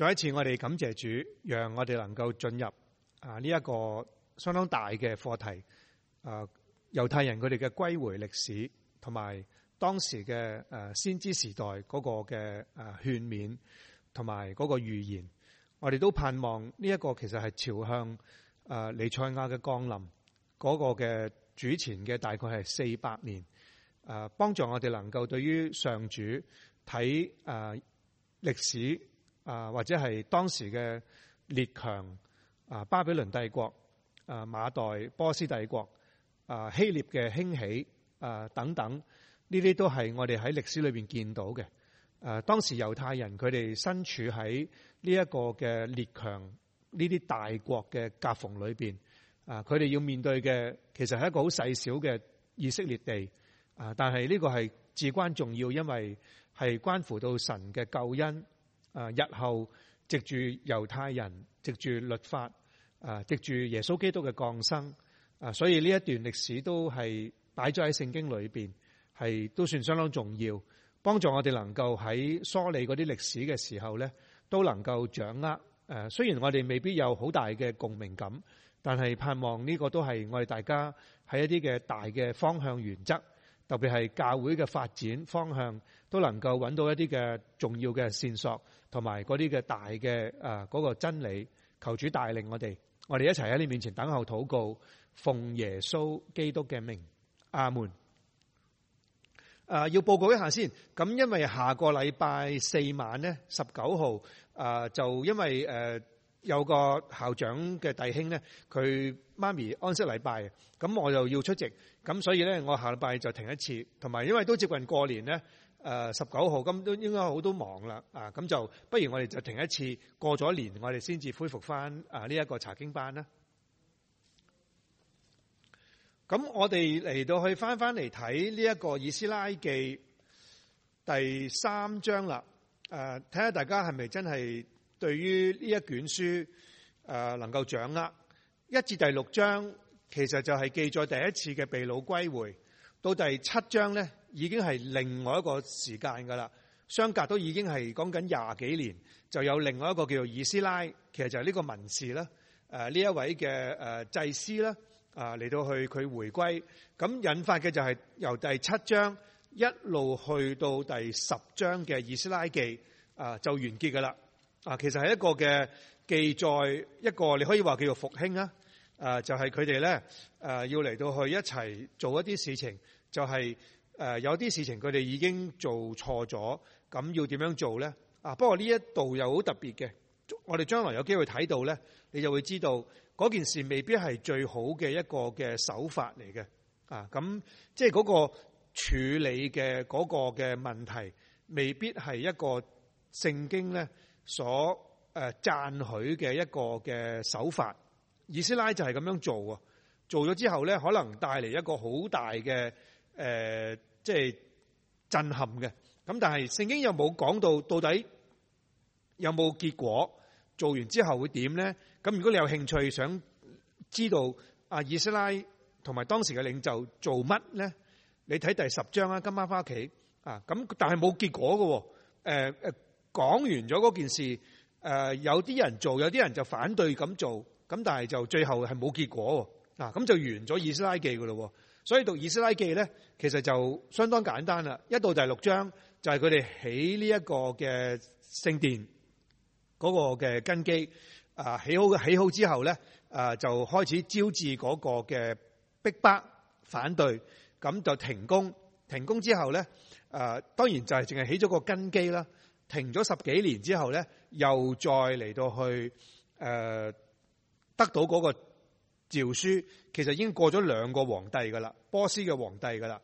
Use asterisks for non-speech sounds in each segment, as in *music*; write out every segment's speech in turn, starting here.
再一次，我哋感謝主，讓我哋能夠進入啊呢一個相當大嘅課題。啊，猶太人佢哋嘅歸回歷史，同埋當時嘅誒先知時代嗰個嘅誒勸勉，同埋嗰個預言，我哋都盼望呢一個其實係朝向誒彌賽亞嘅降臨嗰個嘅主前嘅大概係四百年。誒，幫助我哋能夠對於上主睇誒歷史。啊，或者係當時嘅列強啊巴比倫帝國啊馬代波斯帝國啊希臘嘅興起，啊等等，呢啲都係我哋喺歷史裏邊見到嘅。啊，當時猶太人佢哋身處喺呢一個嘅列強呢啲大國嘅夾縫裏邊啊佢哋要面對嘅其實係一個好細小嘅以色列地，啊但係呢個係至關重要，因為係關乎到神嘅救恩。啊！日後藉住猶太人，藉住律法，啊，藉住耶穌基督嘅降生，啊，所以呢一段歷史都係擺咗喺聖經裏面，係都算相當重要，幫助我哋能夠喺梳理嗰啲歷史嘅時候呢，都能夠掌握。誒，雖然我哋未必有好大嘅共鳴感，但係盼望呢個都係我哋大家喺一啲嘅大嘅方向原則。特別係教會嘅發展方向都能夠揾到一啲嘅重要嘅線索，同埋嗰啲嘅大嘅嗰、嗰個真理，求主帶領我哋，我哋一齊喺你面前等候禱告，奉耶穌基督嘅名，阿門。呃。要報告一下先，咁因為下個禮拜四晚呢，十九號就因為誒、呃、有個校長嘅弟兄呢，佢媽咪安息禮拜，咁我就要出席。咁所以咧，我下禮拜就停一次，同埋因為都接近過年咧，誒十九號咁都應該好多忙啦，啊咁就，不如我哋就停一次，過咗年我哋先至恢復翻啊呢一個查經班啦。咁我哋嚟到去翻翻嚟睇呢一個以斯拉記第三章啦，誒睇下大家係咪真係對於呢一卷書誒、啊、能夠掌握一至第六章。其實就係記載第一次嘅被擄歸回到第七章呢，已經係另外一個時間㗎啦。相隔都已經係講緊廿幾年，就有另外一個叫做以斯拉，其實就係呢個文士啦。誒呢一位嘅誒祭司啦，啊嚟到去佢回歸，咁引發嘅就係由第七章一路去到第十章嘅以斯拉記，啊就完結㗎啦。啊，其實係一個嘅記載，一個你可以話叫做復興啊。啊，就係佢哋呢，誒、呃、要嚟到去一齊做一啲事情，就係、是、誒、呃、有啲事情佢哋已經做錯咗，咁要點樣做呢？啊，不過呢一度又好特別嘅，我哋將來有機會睇到呢，你就會知道嗰件事未必係最好嘅一個嘅手法嚟嘅。啊，咁、嗯、即係嗰個處理嘅嗰個嘅問題，未必係一個聖經呢所誒、呃、贊許嘅一個嘅手法。以斯拉就係咁樣做啊，做咗之後咧，可能帶嚟一個好大嘅，誒，即係震撼嘅。咁但係聖經又冇講到到底有冇結果？做完之後會點咧？咁如果你有興趣想知道啊，以斯拉同埋當時嘅領袖做乜咧？你睇第十章啊。今晚翻屋企啊，咁但係冇結果嘅。誒誒，講完咗嗰件事，誒，有啲人做，有啲人就反對咁做。咁但係就最後係冇結果喎，咁就完咗《以斯拉記》噶咯喎，所以讀《以斯拉記》咧，其實就相當簡單啦。一到第六章，就係佢哋起呢一個嘅聖殿嗰個嘅根基。啊，起好起好之後咧，就開始招致嗰個嘅逼迫反對，咁就停工。停工之後咧，啊，當然就係淨係起咗個根基啦。停咗十幾年之後咧，又再嚟到去誒。呃得到嗰個詔書，其實已經過咗兩個皇帝噶啦，波斯嘅皇帝噶啦，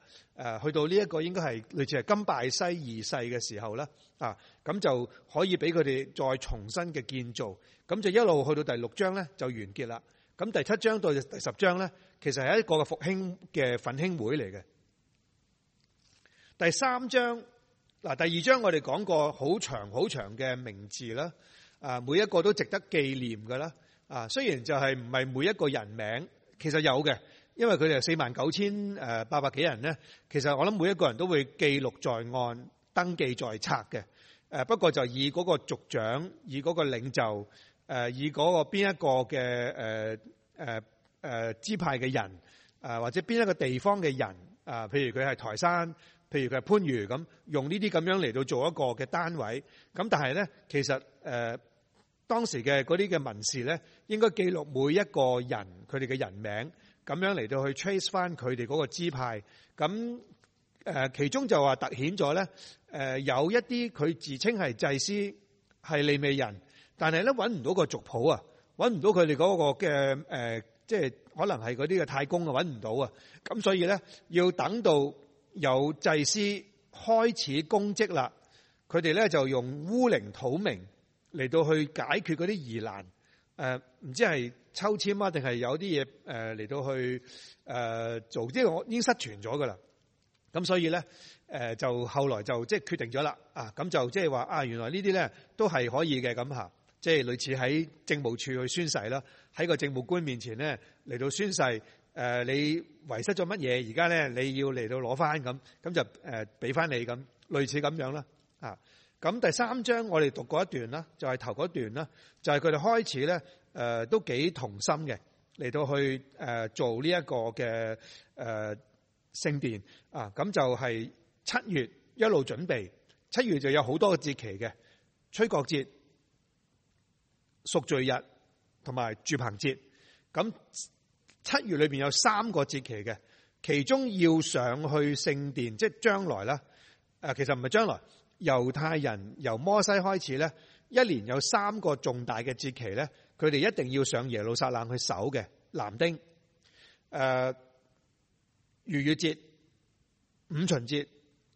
去到呢一個應該係類似係金拜西二世嘅時候啦，啊咁就可以俾佢哋再重新嘅建造，咁就一路去到第六章咧就完結啦。咁第七章到第十章咧，其實係一個嘅復興嘅奮興會嚟嘅。第三章嗱、啊，第二章我哋講過好長好長嘅名字啦，啊每一個都值得紀念㗎啦。啊，雖然就係唔係每一個人名，其實有嘅，因為佢哋係四萬九千誒八百幾人咧，其實我諗每一個人都會記錄在案、登記在冊嘅。誒，不過就以嗰個族長、以嗰個領袖、誒、啊、以嗰個邊一個嘅誒誒誒支派嘅人，誒、啊、或者邊一個地方嘅人，啊，譬如佢係台山，譬如佢係番禺咁，用呢啲咁樣嚟到做一個嘅單位。咁但係咧，其實誒、啊、當時嘅嗰啲嘅民事咧，應該記錄每一個人佢哋嘅人名，咁樣嚟到去 trace 翻佢哋嗰個支派。咁誒、呃、其中就話突顯咗咧，誒、呃、有一啲佢自稱係祭司，係利未人，但係咧揾唔到個族譜啊，揾唔到佢哋嗰個嘅誒、呃，即係可能係嗰啲嘅太公啊揾唔到啊。咁所以咧，要等到有祭司開始供職啦，佢哋咧就用烏陵土明嚟到去解決嗰啲疑難。誒唔知係抽籤啊，定係有啲嘢誒嚟到去誒做，即係我已經失傳咗噶啦。咁所以咧，誒就後來就即係決定咗啦。啊，咁就即係話啊，原來呢啲咧都係可以嘅咁吓，即係類似喺政務處去宣誓啦，喺個政務官面前咧嚟到宣誓。誒，你遺失咗乜嘢？而家咧你要嚟到攞翻咁，咁就誒俾翻你咁，類似咁樣啦。咁第三章我哋讀過一段啦，就係、是、頭嗰段啦，就係佢哋開始咧，誒、呃、都幾同心嘅嚟到去誒、呃、做呢一個嘅誒、呃、聖殿啊，咁就係七月一路準備，七月就有好多個節期嘅，吹角節、贖罪日同埋住棚節，咁七月裏邊有三個節期嘅，其中要上去聖殿，即係將來啦，誒其實唔係將來。呃其實唔係將來。猶太人由摩西開始咧，一年有三個重大嘅節期咧，佢哋一定要上耶路撒冷去守嘅。藍丁，誒、呃、逾越節、五旬節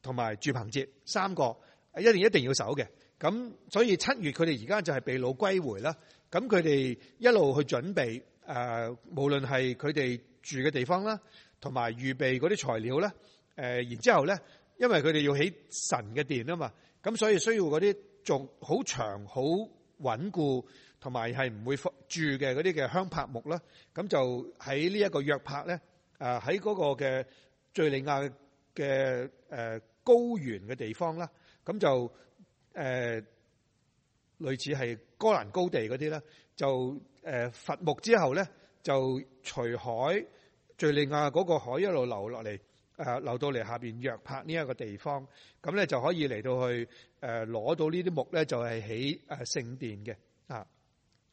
同埋住棚節三個，一年一定要守嘅。咁所以七月佢哋而家就係被擄歸回啦。咁佢哋一路去準備、呃、無論係佢哋住嘅地方啦，同埋預備嗰啲材料咧、呃。然之後咧。因為佢哋要起神嘅殿啊嘛，咁所以需要嗰啲仲好長、好穩固同埋係唔會住嘅嗰啲嘅香柏木啦。咁就喺呢一個約柏咧，啊喺嗰個嘅敍利亞嘅誒高原嘅地方啦，咁就誒類似係戈蘭高地嗰啲啦，就誒伐木之後咧，就隨海敍利亞嗰個海一路流落嚟。誒，流到嚟下邊約帕呢一個地方，咁咧就可以嚟到去誒，攞、呃、到呢啲木咧就係、是、起誒、呃、聖殿嘅啊。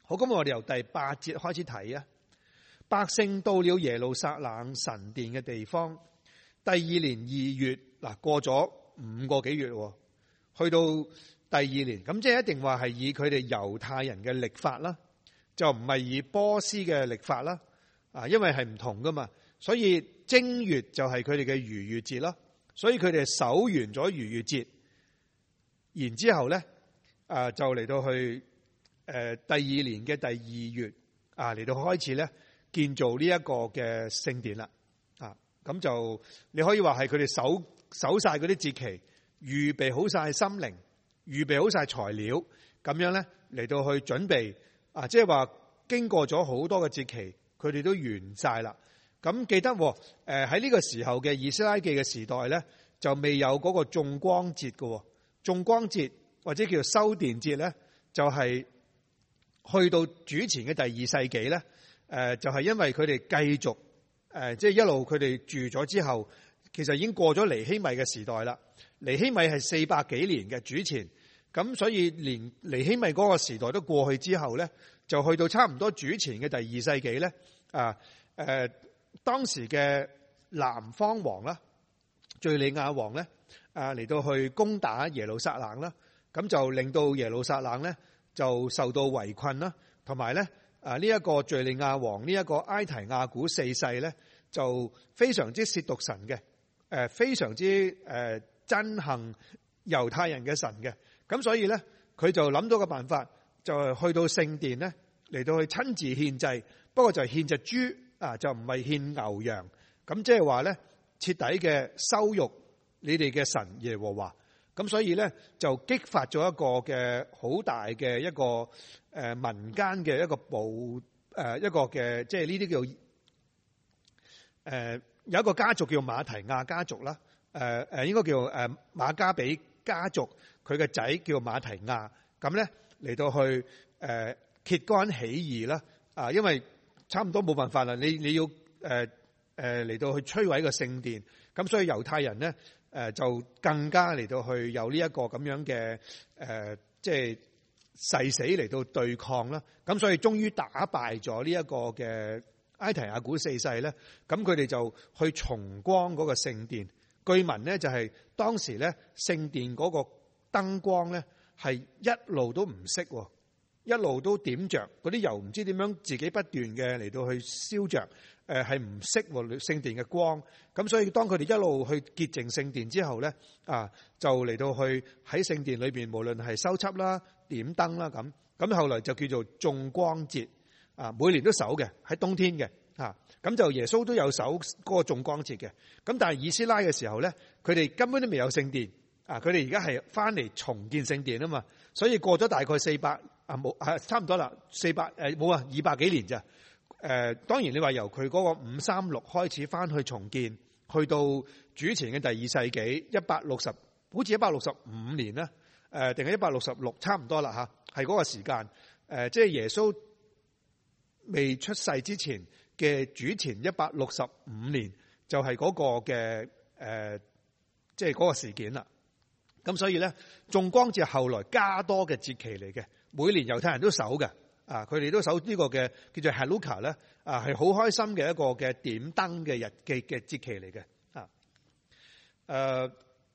好，咁我哋由第八節開始睇啊。百姓到了耶路撒冷神殿嘅地方，第二年二月嗱、啊，過咗五個幾月、啊，去到第二年，咁即係一定話係以佢哋猶太人嘅曆法啦，就唔係以波斯嘅曆法啦，啊，因為係唔同㗎嘛，所以。正月就係佢哋嘅逾越節咯，所以佢哋守完咗逾越節，然之後咧，誒、啊、就嚟到去誒、呃、第二年嘅第二月，啊嚟到開始咧建造呢一個嘅聖殿啦，啊咁就你可以話係佢哋守守晒嗰啲節期，預備好晒心靈，預備好晒材料，咁樣咧嚟到去準備，啊即係話經過咗好多嘅節期，佢哋都完晒啦。咁記得喎，誒喺呢個時候嘅以斯拉記嘅時代咧，就未有嗰個重光節嘅喎，重光節或者叫修殿節咧，就係、是、去到主前嘅第二世紀咧，就係、是、因為佢哋繼續即係、就是、一路佢哋住咗之後，其實已經過咗尼希米嘅時代啦。尼希米係四百幾年嘅主前，咁所以連尼希米嗰個時代都過去之後咧，就去到差唔多主前嘅第二世紀咧，啊、呃當時嘅南方王啦，敍利亞王呢啊嚟到去攻打耶路撒冷啦，咁就令到耶路撒冷呢就受到圍困啦，同埋呢，啊呢一個敍利亞王呢一個埃提亞古四世呢，就非常之褻瀆神嘅，非常之誒、呃、憎恨猶太人嘅神嘅，咁所以呢，佢就諗到個辦法，就係去到聖殿呢嚟到去親自獻祭，不過就係獻隻豬。啊，就唔係獻牛羊，咁即係話咧徹底嘅羞辱你哋嘅神耶和華，咁所以咧就激發咗一個嘅好大嘅一個誒民間嘅一個暴，誒、啊、一個嘅即係呢啲叫誒、啊、有一個家族叫馬提亞家族啦，誒、啊、誒應該叫誒馬加比家族，佢嘅仔叫馬提亞，咁咧嚟到去誒、啊、揭竿起義啦，啊因為。差唔多冇辦法啦，你你要誒誒嚟到去摧毀個聖殿，咁所以猶太人咧誒、呃、就更加嚟到去有呢一個咁樣嘅誒即係誓死嚟到對抗啦。咁所以終於打敗咗呢一個嘅埃提亞古四世咧，咁佢哋就去重光嗰個聖殿。據聞咧就係當時咧聖殿嗰個燈光咧係一路都唔熄。一路都點著嗰啲油，唔知點樣自己不斷嘅嚟到去燒著，誒係唔熄聖殿嘅光。咁所以當佢哋一路去潔淨聖殿之後咧，啊就嚟到去喺聖殿裏邊，無論係收葺啦、點燈啦咁。咁後來就叫做種光節，啊每年都守嘅，喺冬天嘅，嚇咁就耶穌都有守嗰個種光節嘅。咁但係以斯拉嘅時候咧，佢哋根本都未有聖殿，啊佢哋而家係翻嚟重建聖殿啊嘛，所以過咗大概四百。啊冇差唔多啦，四百誒冇啊，二百幾年咋？誒、呃，當然你話由佢嗰個五三六開始翻去重建，去到主前嘅第二世紀一百六十，160，好似一百六十五年啦，誒、呃，定係一百六十六，差唔多啦吓，係嗰個時間，誒、呃，即、就、係、是、耶穌未出世之前嘅主前一百六十五年，就係、是、嗰個嘅誒，即係嗰個事件啦。咁所以咧，重光節係後來加多嘅節期嚟嘅。每年猶太人都守嘅，啊，佢哋都守呢個嘅叫做 Hanukkah 咧，啊，係好開心嘅一個嘅點燈嘅日記嘅節期嚟嘅。啊，誒，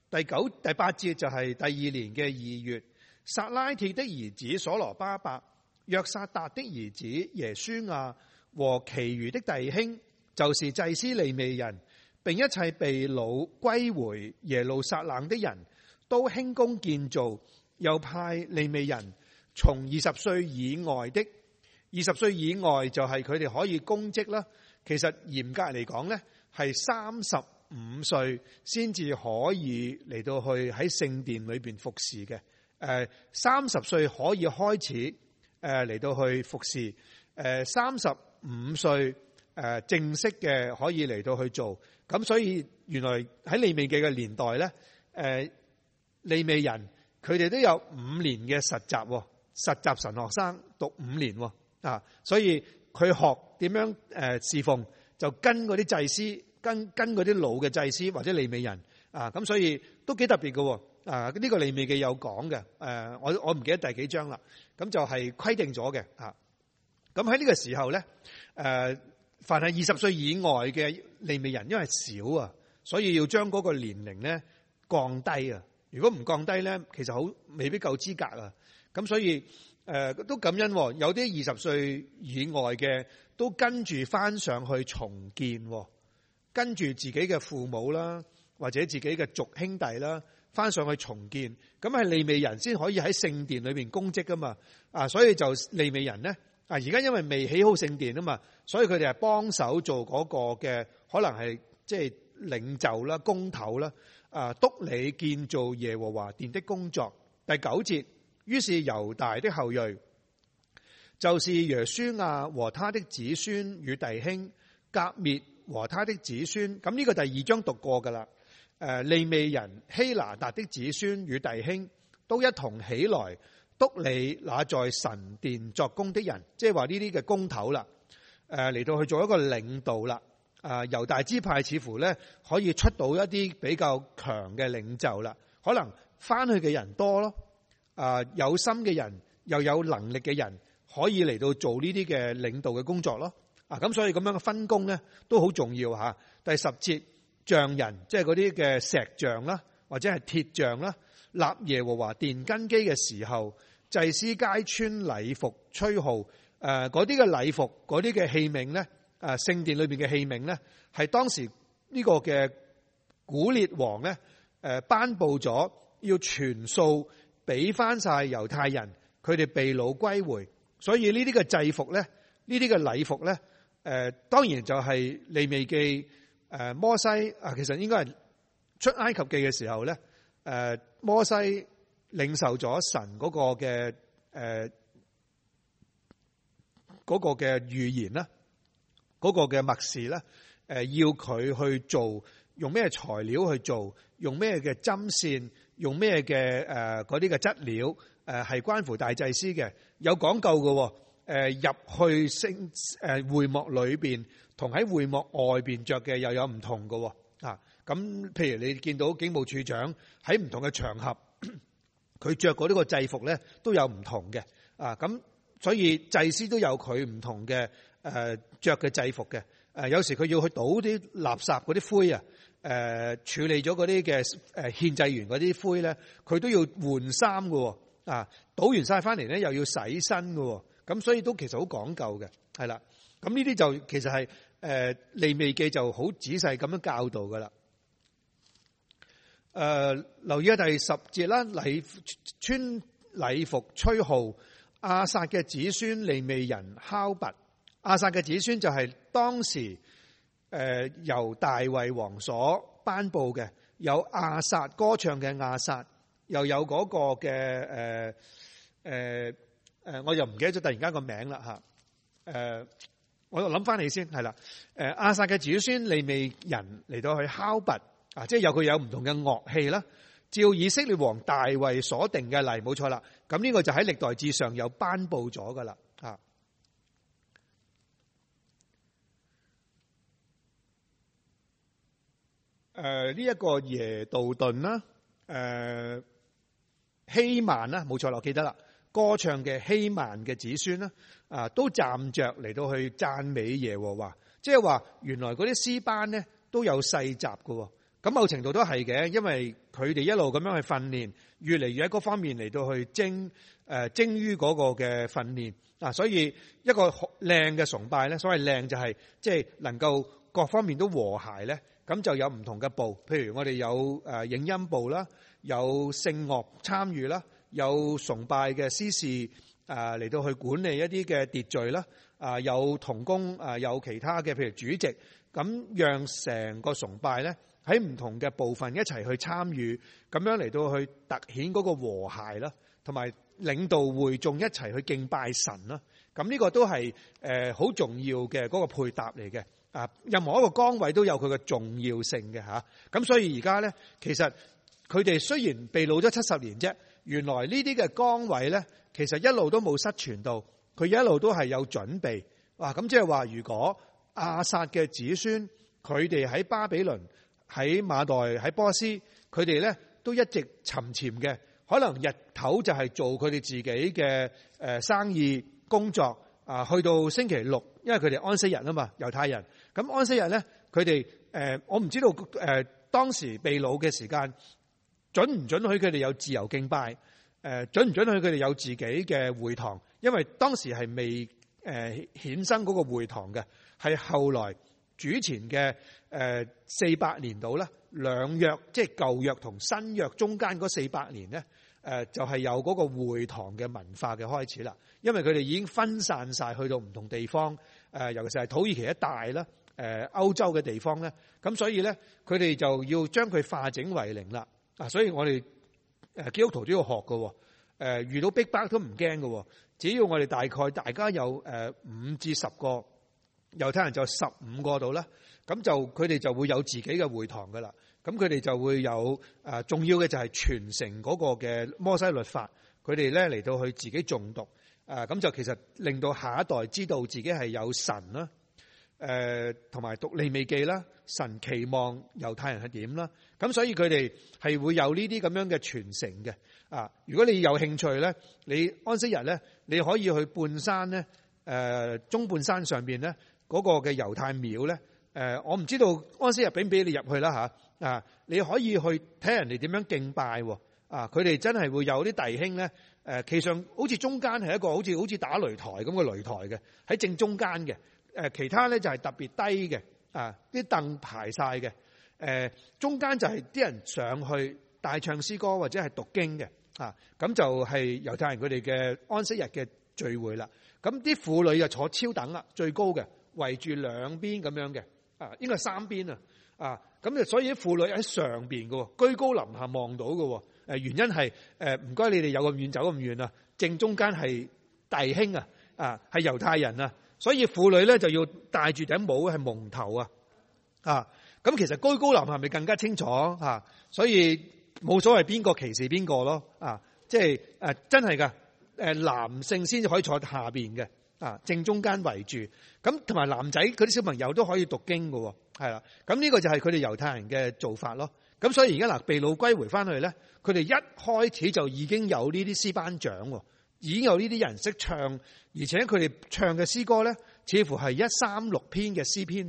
第九第八節就係第二年嘅二月，撒拉鐵的兒子所羅巴伯、約撒達的兒子耶書亞，和其餘的弟兄，就是祭司利未人，並一切被擄歸回耶路撒冷的人都興工建造，又派利未人，從二十歲以外的二十歲以外就係佢哋可以公職啦。其實嚴格嚟講呢係三十五歲先至可以嚟到去喺聖殿裏邊服侍嘅。誒，三十歲可以開始誒嚟到去服侍，誒，三十五歲誒正式嘅可以嚟到去做。咁所以原來喺利未記嘅年代呢，誒利未人佢哋都有五年嘅實習。實習神學生讀五年喎啊，所以佢學點樣侍奉，就跟嗰啲祭司，跟跟嗰啲老嘅祭司或者利未人啊，咁所以都幾特別嘅啊。呢、這個利未記有講嘅，我我唔記得第幾章啦。咁就係、是、規定咗嘅啊。咁喺呢個時候咧誒，凡係二十歲以外嘅利未人，因為少啊，所以要將嗰個年齡咧降低啊。如果唔降低咧，其實好未必夠資格啊。咁所以，誒、呃、都感恩喎、哦。有啲二十歲以外嘅都跟住翻上去重建、哦，跟住自己嘅父母啦，或者自己嘅族兄弟啦，翻上去重建。咁係利未人先可以喺聖殿裏面供職噶嘛？啊，所以就利未人呢，啊而家因為未起好聖殿啊嘛，所以佢哋係幫手做嗰個嘅，可能係即係領袖啦、工頭啦，啊督理建造耶和華殿的工作。第九節。於是猶大的後裔，就是耶書亞和他的子孫與弟兄，革滅和他的子孫。咁、這、呢個第二章讀過噶啦。誒，利未人希拿達的子孫與弟兄都一同起來督理那在神殿作工的人，即係話呢啲嘅工頭啦。誒嚟到去做一個領導啦。誒猶大支派似乎咧可以出到一啲比較強嘅領袖啦，可能翻去嘅人多咯。啊，有心嘅人又有能力嘅人，可以嚟到做呢啲嘅領導嘅工作咯。啊，咁所以咁樣嘅分工咧，都好重要吓。第十節匠人，即係嗰啲嘅石像啦，或者係鐵像啦。立耶和華殿根基嘅時候，祭司皆穿禮服吹號。誒，嗰啲嘅禮服，嗰啲嘅器皿咧，誒，聖殿裏邊嘅器皿咧，係當時呢個嘅古列王咧，誒，頒布咗要全數。俾翻晒猶太人，佢哋被擄歸回，所以呢啲嘅制服咧，呢啲嘅禮服咧，誒，當然就係利未記誒摩西啊，其實應該係出埃及記嘅時候咧，誒摩西領受咗神嗰、呃嗰個嘅誒、嗰個嘅預言啦，嗰個嘅默示咧，誒要佢去做，用咩材料去做，用咩嘅針線。用咩嘅，誒，嗰啲嘅質料，誒係關乎大祭司嘅，有講究嘅喎，入去聖，誒會幕裏邊同喺會幕外邊着嘅又有唔同嘅喎，啊。咁譬如你見到警務處長喺唔同嘅場合佢着嗰啲個制服咧都有唔同嘅。啊，咁所以祭司都有佢唔同嘅，誒著嘅制服嘅，誒有時佢要去倒啲垃圾嗰啲灰啊。誒、呃，處理咗嗰啲嘅誒憲制員獻祭員嗰啲灰咧，佢都要換衫噶，啊，倒完晒翻嚟咧又要洗身噶，咁、啊、所以都其實好講究嘅，係啦，咁呢啲就其實係誒、呃、利未記就好仔細咁樣教導噶啦。誒、呃，留意下第十節啦，禮穿禮服吹號，亞薩嘅子孫利未人敲鈸。亞薩嘅子孫就係當時。誒、呃，由大衛王所頒布嘅，有亞薩歌唱嘅亞薩，又有嗰個嘅誒誒誒，我又唔記得咗突然間個名啦吓，誒、呃，我諗翻嚟先，係啦，誒、呃，亞薩嘅子孫利未人嚟到去敲鈸啊，即係有佢有唔同嘅樂器啦，照以色列王大衛所定嘅例，冇錯啦，咁呢個就喺歷代志上又頒布咗噶啦，啊。誒，呢一、呃這個耶杜頓啦，誒、呃、希曼啦，冇錯啦，我記得啦，歌唱嘅希曼嘅子孫啦，啊、呃、都站着嚟到去讚美耶和華，即係話原來嗰啲詩班咧都有細集喎。咁某程度都係嘅，因為佢哋一路咁樣去訓練，越嚟越喺嗰方面嚟到去精，誒、呃、精於嗰個嘅訓練，啊、呃，所以一個好靚嘅崇拜咧，所謂靚就係、是、即係能夠各方面都和諧咧。咁就有唔同嘅部，譬如我哋有誒影音部啦，有聖樂參與啦，有崇拜嘅司事誒嚟到去管理一啲嘅秩序啦，啊有同工啊有其他嘅，譬如主席，咁讓成個崇拜咧喺唔同嘅部分一齊去參與，咁樣嚟到去凸顯嗰個和諧啦，同埋領導會眾一齊去敬拜神啦，咁呢個都係誒好重要嘅嗰個配搭嚟嘅。啊！任何一個崗位都有佢嘅重要性嘅吓，咁所以而家咧，其實佢哋雖然被擄咗七十年啫，原來這些位呢啲嘅崗位咧，其實一路都冇失傳到，佢一路都係有準備哇！咁即係話，如果阿薩嘅子孫，佢哋喺巴比倫，喺馬代、喺波斯，佢哋咧都一直沉潛嘅，可能日頭就係做佢哋自己嘅誒生意工作啊，去到星期六。因為佢哋安息日啊嘛，猶太人。咁安息日咧，佢哋誒，我唔知道誒、呃，當時被擄嘅時間準唔準許佢哋有自由敬拜？誒、呃，準唔準許佢哋有自己嘅會堂？因為當時係未誒衍、呃、生嗰個會堂嘅，係後來主前嘅誒四百年度咧，兩約即係、就是、舊約同新約中間嗰四百年咧，誒、呃、就係、是、有嗰個會堂嘅文化嘅開始啦。因為佢哋已經分散晒去到唔同地方，誒，尤其是係土耳其一帶啦，誒、呃，歐洲嘅地方咧，咁所以咧，佢哋就要將佢化整為零啦。啊，所以我哋誒基督徒都要學嘅，誒、呃，遇到逼迫都唔驚嘅，只要我哋大概大家有誒五至十個猶太人就十五個度啦，咁就佢哋就會有自己嘅會堂嘅啦。咁佢哋就會有誒、呃、重要嘅就係傳承嗰個嘅摩西律法，佢哋咧嚟到去自己中毒。啊，咁就其實令到下一代知道自己係有神啦、啊，同、啊、埋讀利未記啦、啊，神期望猶太人係點啦，咁所以佢哋係會有呢啲咁樣嘅傳承嘅。啊，如果你有興趣咧，你安息日咧，你可以去半山咧、啊，中半山上面咧，嗰、那個嘅猶太廟咧、啊，我唔知道安息日俾唔俾你入去啦，啊，你可以去睇人哋點樣敬拜喎、啊，啊，佢哋真係會有啲弟兄咧。誒，其上好似中間係一個好似好似打擂台咁嘅擂台嘅，喺正中間嘅。誒，其他咧就係特別低嘅，啊，啲凳排晒嘅。誒，中間就係啲人上去大唱詩歌或者係讀經嘅，啊，咁就係猶太人佢哋嘅安息日嘅聚會啦。咁啲婦女就坐超等啦，最高嘅，圍住兩邊咁樣嘅，啊，應該係三邊啊，啊，咁就所以啲婦女喺上面㗎喎，居高臨下望到㗎喎。原因係誒唔該，你哋有咁遠走咁遠啊。正中間係弟兄猶啊，啊係猶太人啊，所以婦女咧就要戴住頂帽係蒙頭啊，啊咁其實居高臨下係咪更加清楚啊？所以冇所謂邊個歧視邊個咯，啊即係、誒、真係噶誒男性先可以坐下面嘅啊，正中間圍住，咁同埋男仔佢啲小朋友都可以讀經喎。係啦，咁呢個就係佢哋猶太人嘅做法咯。咁所以而家嗱，被擄歸回翻去咧，佢哋一開始就已經有呢啲詩班長，已經有呢啲人識唱，而且佢哋唱嘅詩歌咧，似乎係一三六篇嘅詩篇。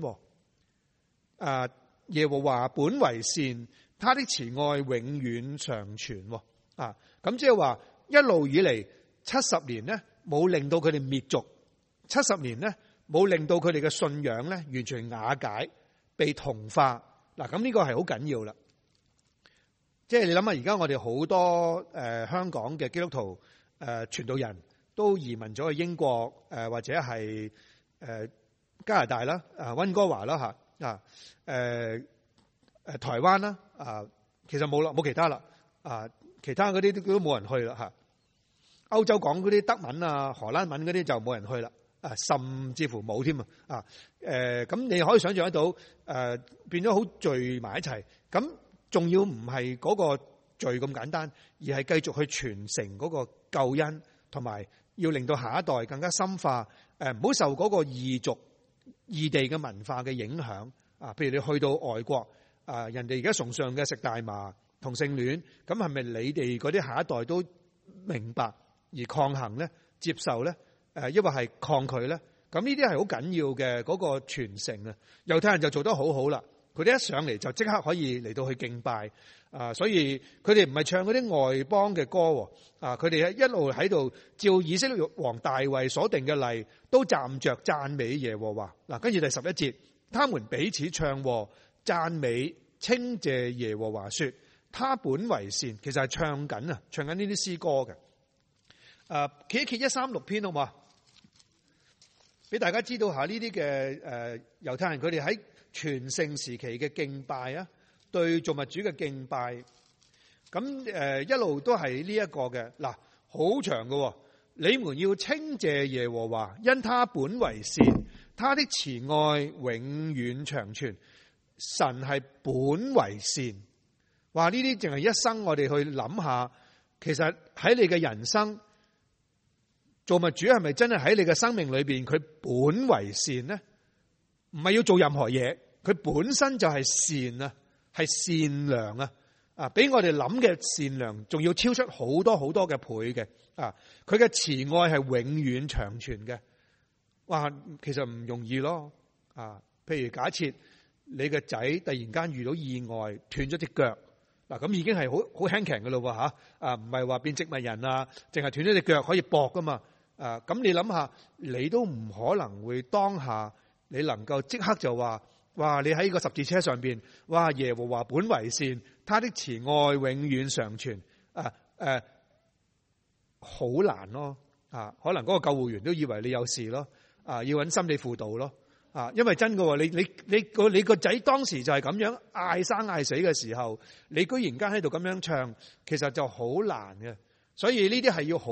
啊，耶和華本為善，他的慈愛永遠長存。啊，咁即係話一路以嚟七十年呢，冇令到佢哋滅族，七十年呢，冇令到佢哋嘅信仰咧完全瓦解，被同化。嗱、啊，咁呢個係好緊要啦。即係你諗下，而家我哋好多誒香港嘅基督徒誒傳道人都移民咗去英國誒，或者係誒加拿大啦、誒溫哥華啦嚇啊誒誒、啊、台灣啦啊，其實冇啦，冇其他啦啊，其他嗰啲都冇人去啦嚇、啊。歐洲講嗰啲德文啊、荷蘭文嗰啲就冇人去啦啊，甚至乎冇添啊啊誒，咁你可以想象得到誒、啊，變咗好聚埋一齊咁。仲要唔係嗰個罪咁簡單，而係繼續去傳承嗰個救恩，同埋要令到下一代更加深化。誒，唔好受嗰個異族、異地嘅文化嘅影響啊！譬如你去到外國，誒，人哋而家崇尚嘅食大麻、同性戀，咁係咪你哋嗰啲下一代都明白而抗衡咧、接受咧？誒，抑或係抗拒咧。咁呢啲係好緊要嘅嗰個傳承啊！猶太人就做得好好啦。佢哋一上嚟就即刻可以嚟到去敬拜啊！所以佢哋唔係唱嗰啲外邦嘅歌啊！佢哋一路喺度照以色列王大衛所定嘅例，都站着讚美耶和華。嗱，跟住第十一節，他們彼此唱讚美、稱謝耶和華說，說他本為善，其實係唱緊啊，唱緊呢啲詩歌嘅。揭一揭一三六篇好嘛？俾大家知道下呢啲嘅誒，猶太人佢哋喺。全盛時期嘅敬拜啊，對造物主嘅敬拜，咁誒一路都係呢一個嘅，嗱，好長嘅，你們要稱謝耶和華，因他本為善，他的慈愛永遠長存。神係本為善，話呢啲淨係一生我哋去諗下，其實喺你嘅人生，造物主係咪真係喺你嘅生命裏邊佢本為善呢？唔係要做任何嘢，佢本身就係善啊，係善良啊，啊，比我哋諗嘅善良仲要超出好多好多嘅倍嘅，啊，佢嘅慈愛係永遠長存嘅。哇，其實唔容易咯，啊，譬如假設你個仔突然間遇到意外斷咗隻腳，嗱、啊、咁已經係好好輕強嘅咯吓，啊唔係話變植物人啊，淨係斷咗隻腳可以駁噶嘛，誒、啊、咁、啊、你諗下，你都唔可能會當下。你能夠即刻就話，哇！你喺個十字車上邊，哇！耶和華本為善，他的慈愛永遠常存。啊誒，好難咯，啊！可能嗰個救護員都以為你有事咯，啊！要揾心理輔導咯，啊！因為真嘅話，你你你個你個仔當時就係咁樣嗌生嗌死嘅時候，你居然間喺度咁樣唱，其實就好難嘅。所以呢啲係要好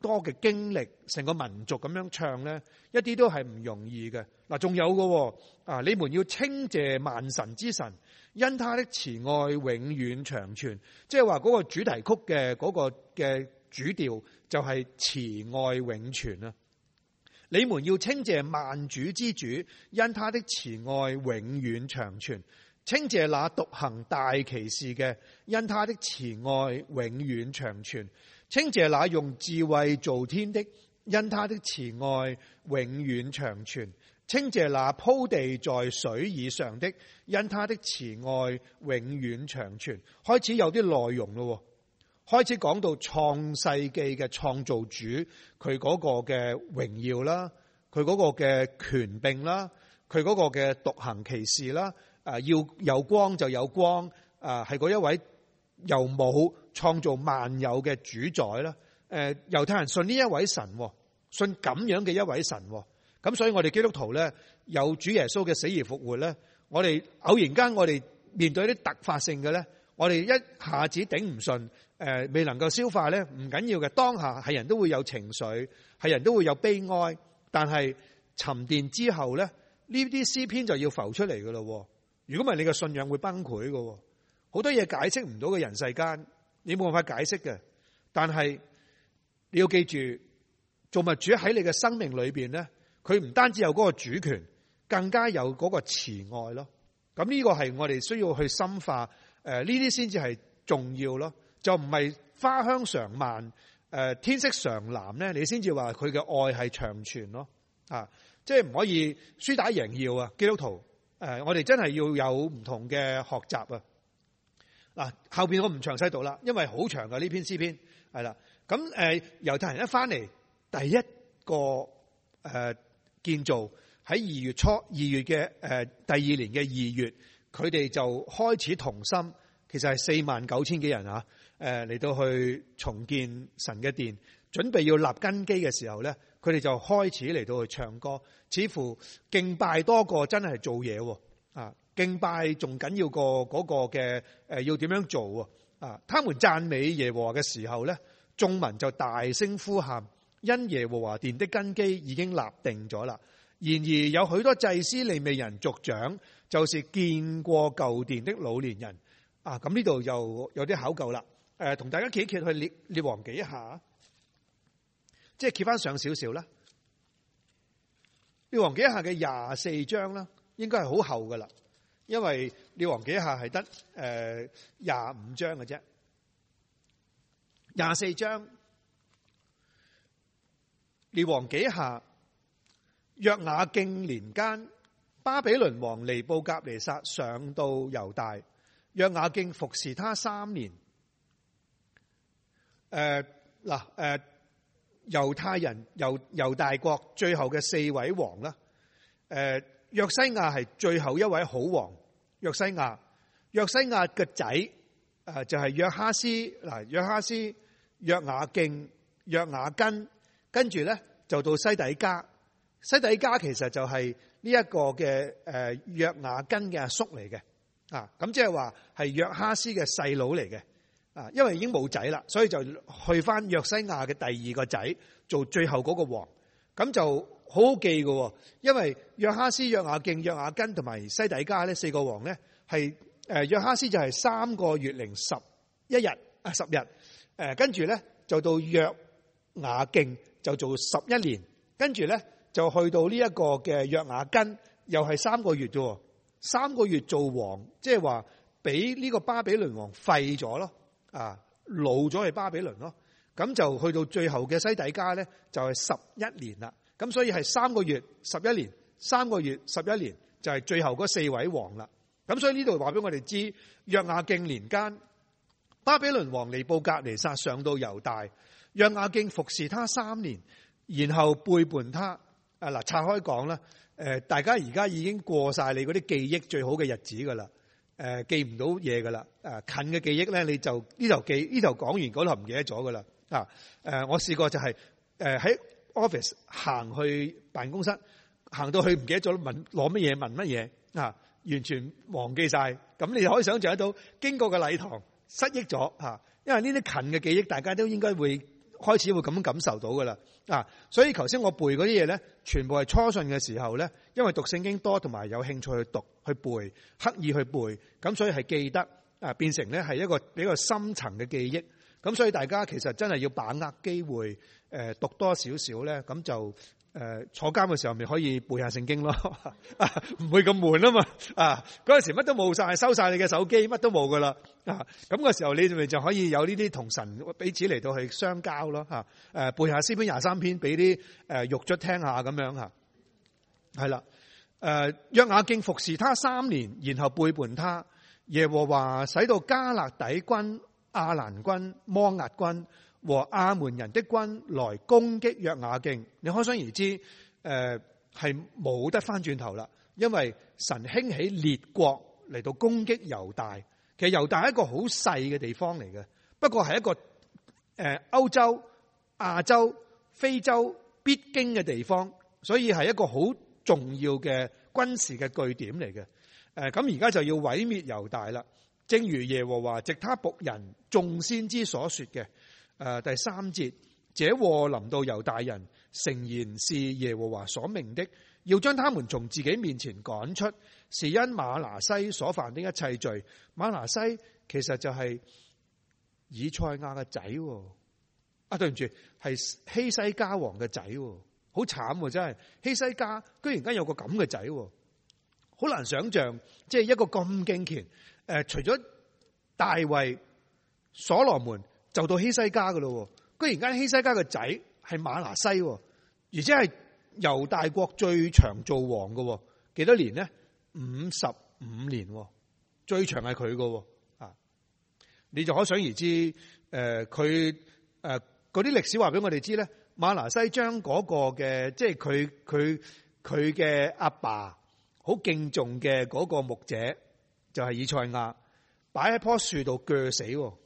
多嘅經歷，成個民族咁樣唱呢，一啲都係唔容易嘅。嗱，仲有嘅，啊，你們要稱謝萬神之神，因他的慈愛永遠長存。即係話嗰個主題曲嘅嗰個嘅主調就係慈愛永存啊！你們要稱謝萬主之主，因他的慈愛永遠長存。稱謝那獨行大奇事嘅，因他的慈愛永遠長存。稱謝那用智慧造天的，因他的慈愛永遠長存；稱謝那鋪地在水以上的，因他的慈愛永遠長存。開始有啲內容咯，開始講到創世記嘅創造主，佢嗰個嘅榮耀啦，佢嗰個嘅權柄啦，佢嗰個嘅獨行其事啦，誒，要有光就有光，誒係嗰一位。又冇創造萬有嘅主宰啦，誒、呃，猶太人信呢一位神，信咁樣嘅一位神，咁所以我哋基督徒咧有主耶穌嘅死而復活咧，我哋偶然間我哋面對啲突發性嘅咧，我哋一下子頂唔順，誒、呃，未能夠消化咧，唔緊要嘅，當下係人都會有情緒，係人都會有悲哀，但係沉澱之後咧，呢啲詩篇就要浮出嚟喇咯，如果唔係你嘅信仰會崩潰喎。好多嘢解釋唔到嘅，人世間，你冇辦法解釋嘅。但係你要記住，造物主喺你嘅生命裏邊咧，佢唔單止有嗰個主權，更加有嗰個慈愛咯。咁、這、呢個係我哋需要去深化誒，呢啲先至係重要咯。就唔係花香常漫誒、呃，天色常藍咧，你先至話佢嘅愛係長存咯。啊，即係唔可以輸打贏要啊，基督徒誒、呃，我哋真係要有唔同嘅學習啊。嗱，後邊我唔詳細到啦，因為好長嘅呢篇詩篇係啦。咁誒，猶太人一返嚟，第一個誒建造喺二月初二月嘅誒第二年嘅二月，佢哋就開始同心，其實係四萬九千幾人啊。誒嚟到去重建神嘅殿，準備要立根基嘅時候咧，佢哋就開始嚟到去唱歌，似乎敬拜多過真係做嘢啊。敬拜仲緊要過嗰個嘅誒，要點樣做啊？啊，他們讚美耶和華嘅時候咧，眾民就大聲呼喊，因耶和華殿的根基已經立定咗啦。然而有許多祭司利未人族長，就是見過舊殿的老年人啊。咁呢度又有啲考究啦。誒，同大家揭揭，揭去列列王記一下，即係揭翻上少少啦。列王記一下嘅廿四章啦，應該係好厚噶啦。因為列王紀下係得誒廿五章嘅啫，廿四章列王紀下約雅敬年間，巴比倫王尼布甲尼撒上到猶大，約雅敬服侍他三年。誒嗱誒，猶太人猶猶大國最後嘅四位王啦，誒。約西亞係最後一位好王，約西亞，約西亞嘅仔，誒就係約哈斯，嗱約哈斯、約雅敬、約雅斤。跟住咧就到西底家，西底家其實就係呢一個嘅誒約雅斤嘅阿叔嚟嘅，啊咁即係話係約哈斯嘅細佬嚟嘅，啊因為已經冇仔啦，所以就去翻約西亞嘅第二個仔做最後嗰個王，咁就。好，好記噶，因為約哈斯、約雅敬、約雅斤同埋西底加呢四個王咧，係誒約哈斯就係三個月零十一日啊十日，誒跟住咧就到約雅敬就做十一年，跟住咧就去到呢一個嘅約雅斤，又係三個月啫，三個月做王，即係話俾呢個巴比倫王廢咗咯，啊老咗係巴比倫咯，咁就去到最後嘅西底加咧就係十一年啦。咁所以係三個月十一年，三個月十一年就係、是、最後嗰四位王啦。咁所以呢度話俾我哋知，約亞敬年間，巴比倫王尼布甲尼撒上到猶大，約亞敬服侍他三年，然後背叛他。嗱，拆開講啦。誒，大家而家已經過晒你嗰啲記憶最好嘅日子㗎啦。誒、呃，記唔到嘢㗎啦。近嘅記憶咧，你就呢頭記，呢頭講完嗰度唔記得咗㗎啦。啊、呃，我試過就係、是、喺。呃 Office 行去辦公室，行到去唔記得咗，問攞乜嘢問乜嘢啊？完全忘記晒。咁你就可以想象得到，經過嘅禮堂失憶咗吓，因為呢啲近嘅記憶，大家都應該會開始會咁感受到噶啦啊。所以頭先我背嗰啲嘢咧，全部係初信嘅時候咧，因為讀聖經多同埋有興趣去讀去背，刻意去背，咁所以係記得啊，變成咧係一個比較深層嘅記憶。咁所以大家其實真係要把握機會。誒，讀多少少咧？咁就誒、呃，坐監嘅時候咪可以背下聖經咯，唔、 *laughs* 啊、會咁悶啊嘛！啊，嗰陣時乜都冇晒，收晒你嘅手機，乜都冇噶啦。啊，咁嘅時候你咪就可以有呢啲同神彼此嚟到去相交咯。吓，誒，背下詩篇廿三篇俾啲誒獄卒聽下咁樣吓。係啦，誒、呃，約雅敬服侍他三年，然後背叛他。耶和華使到加勒底軍、亞蘭軍、摩押軍。和亞捫人的軍來攻擊約雅敬，你可想而知，誒係冇得返轉頭啦，因為神興起列國嚟到攻擊猶大，其實猶大係一個好細嘅地方嚟嘅，不過係一個誒歐洲、亞洲、非洲必經嘅地方，所以係一個好重要嘅軍事嘅據點嚟嘅。誒咁而家就要毀滅猶大啦，正如耶和華藉他僕人眾先知所說嘅。誒，第三節，這禍臨到猶大人，誠然是耶和華所命的，要將他們從自己面前趕出，是因馬拿西所犯的一切罪。馬拿西其實就係以賽亞嘅仔，哦，啊對唔住係希西家王嘅仔，哦，好慘，啊、真係，希西家居然間有個咁嘅仔，好難想象，即係一個咁敬虔，誒、呃，除咗大衛、所羅門。就到希西家嘅咯，居然間希西家嘅仔係馬拿西，而且係猶大國最長做王嘅，幾多年咧？五十五年，最長係佢㗎啊！你就可想而知，誒、呃，佢誒，嗰啲歷史話俾我哋知咧，馬拿西將嗰個嘅，即係佢佢佢嘅阿爸，好敬重嘅嗰個牧者，就係、是、以賽亞，擺喺樖樹度鋸死。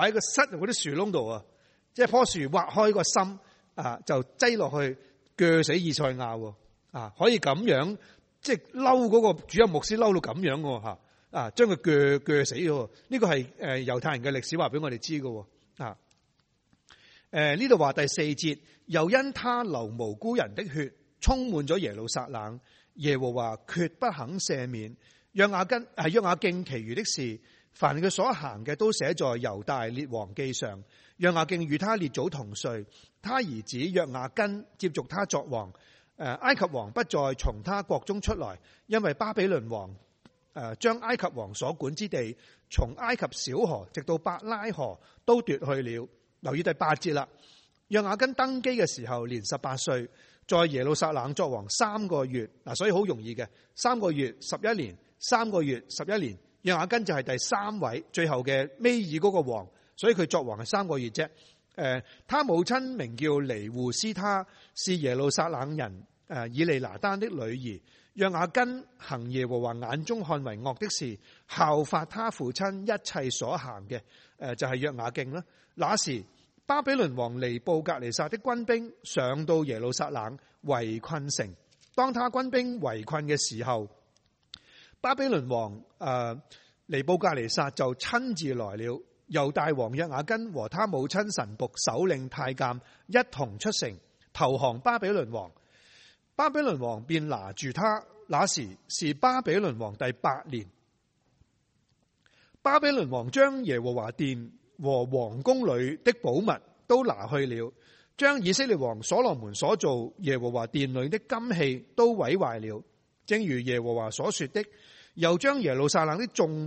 喺個室嗰啲樹窿度啊，即係樖樹挖開個心啊，就擠、是、落去鋸死以賽亞啊，可以咁樣即係嬲嗰個主任牧師嬲到咁樣嘅吓啊，將佢鋸鋸死嘅，呢、這個係誒猶太人嘅歷史話俾我哋知嘅啊。誒呢度話第四節，又因他流無辜人的血，充滿咗耶路撒冷，耶和華決不肯赦免，約雅根係約雅敬其餘的事。凡佢所行嘅都寫在猶大列王記上。約雅敬與他列祖同睡，他兒子約雅斤接續他作王。誒，埃及王不再從他國中出來，因為巴比倫王誒將埃及王所管之地，從埃及小河直到伯拉河都奪去了。留意第八節啦。約雅斤登基嘅時候年十八歲，在耶路撒冷作王三個月。嗱，所以好容易嘅，三個月十一年，三個月十一年。約亞根就係第三位，最後嘅，尾二嗰個王，所以佢作王係三個月啫。誒、呃，他母親名叫尼胡斯他，是耶路撒冷人，誒、呃、以利拿丹的女兒。約亞根行耶和華眼中看為惡的事，效法他父親一切所行嘅。誒、呃，就係、是、約亞敬啦。那時巴比倫王尼布甲尼撒的軍兵上到耶路撒冷圍困城，當他軍兵圍困嘅時候。巴比倫王誒、啊、尼布甲尼撒就親自來了，猶大王約雅斤和他母親臣僕、首領、太監一同出城投降巴比倫王。巴比倫王便拿住他，那時是巴比倫王第八年。巴比倫王將耶和華殿和王宮裏的寶物都拿去了，將以色列王所羅門所造耶和華殿裏的金器都毀壞了。正如耶和華所說的，又將耶路撒冷啲眾民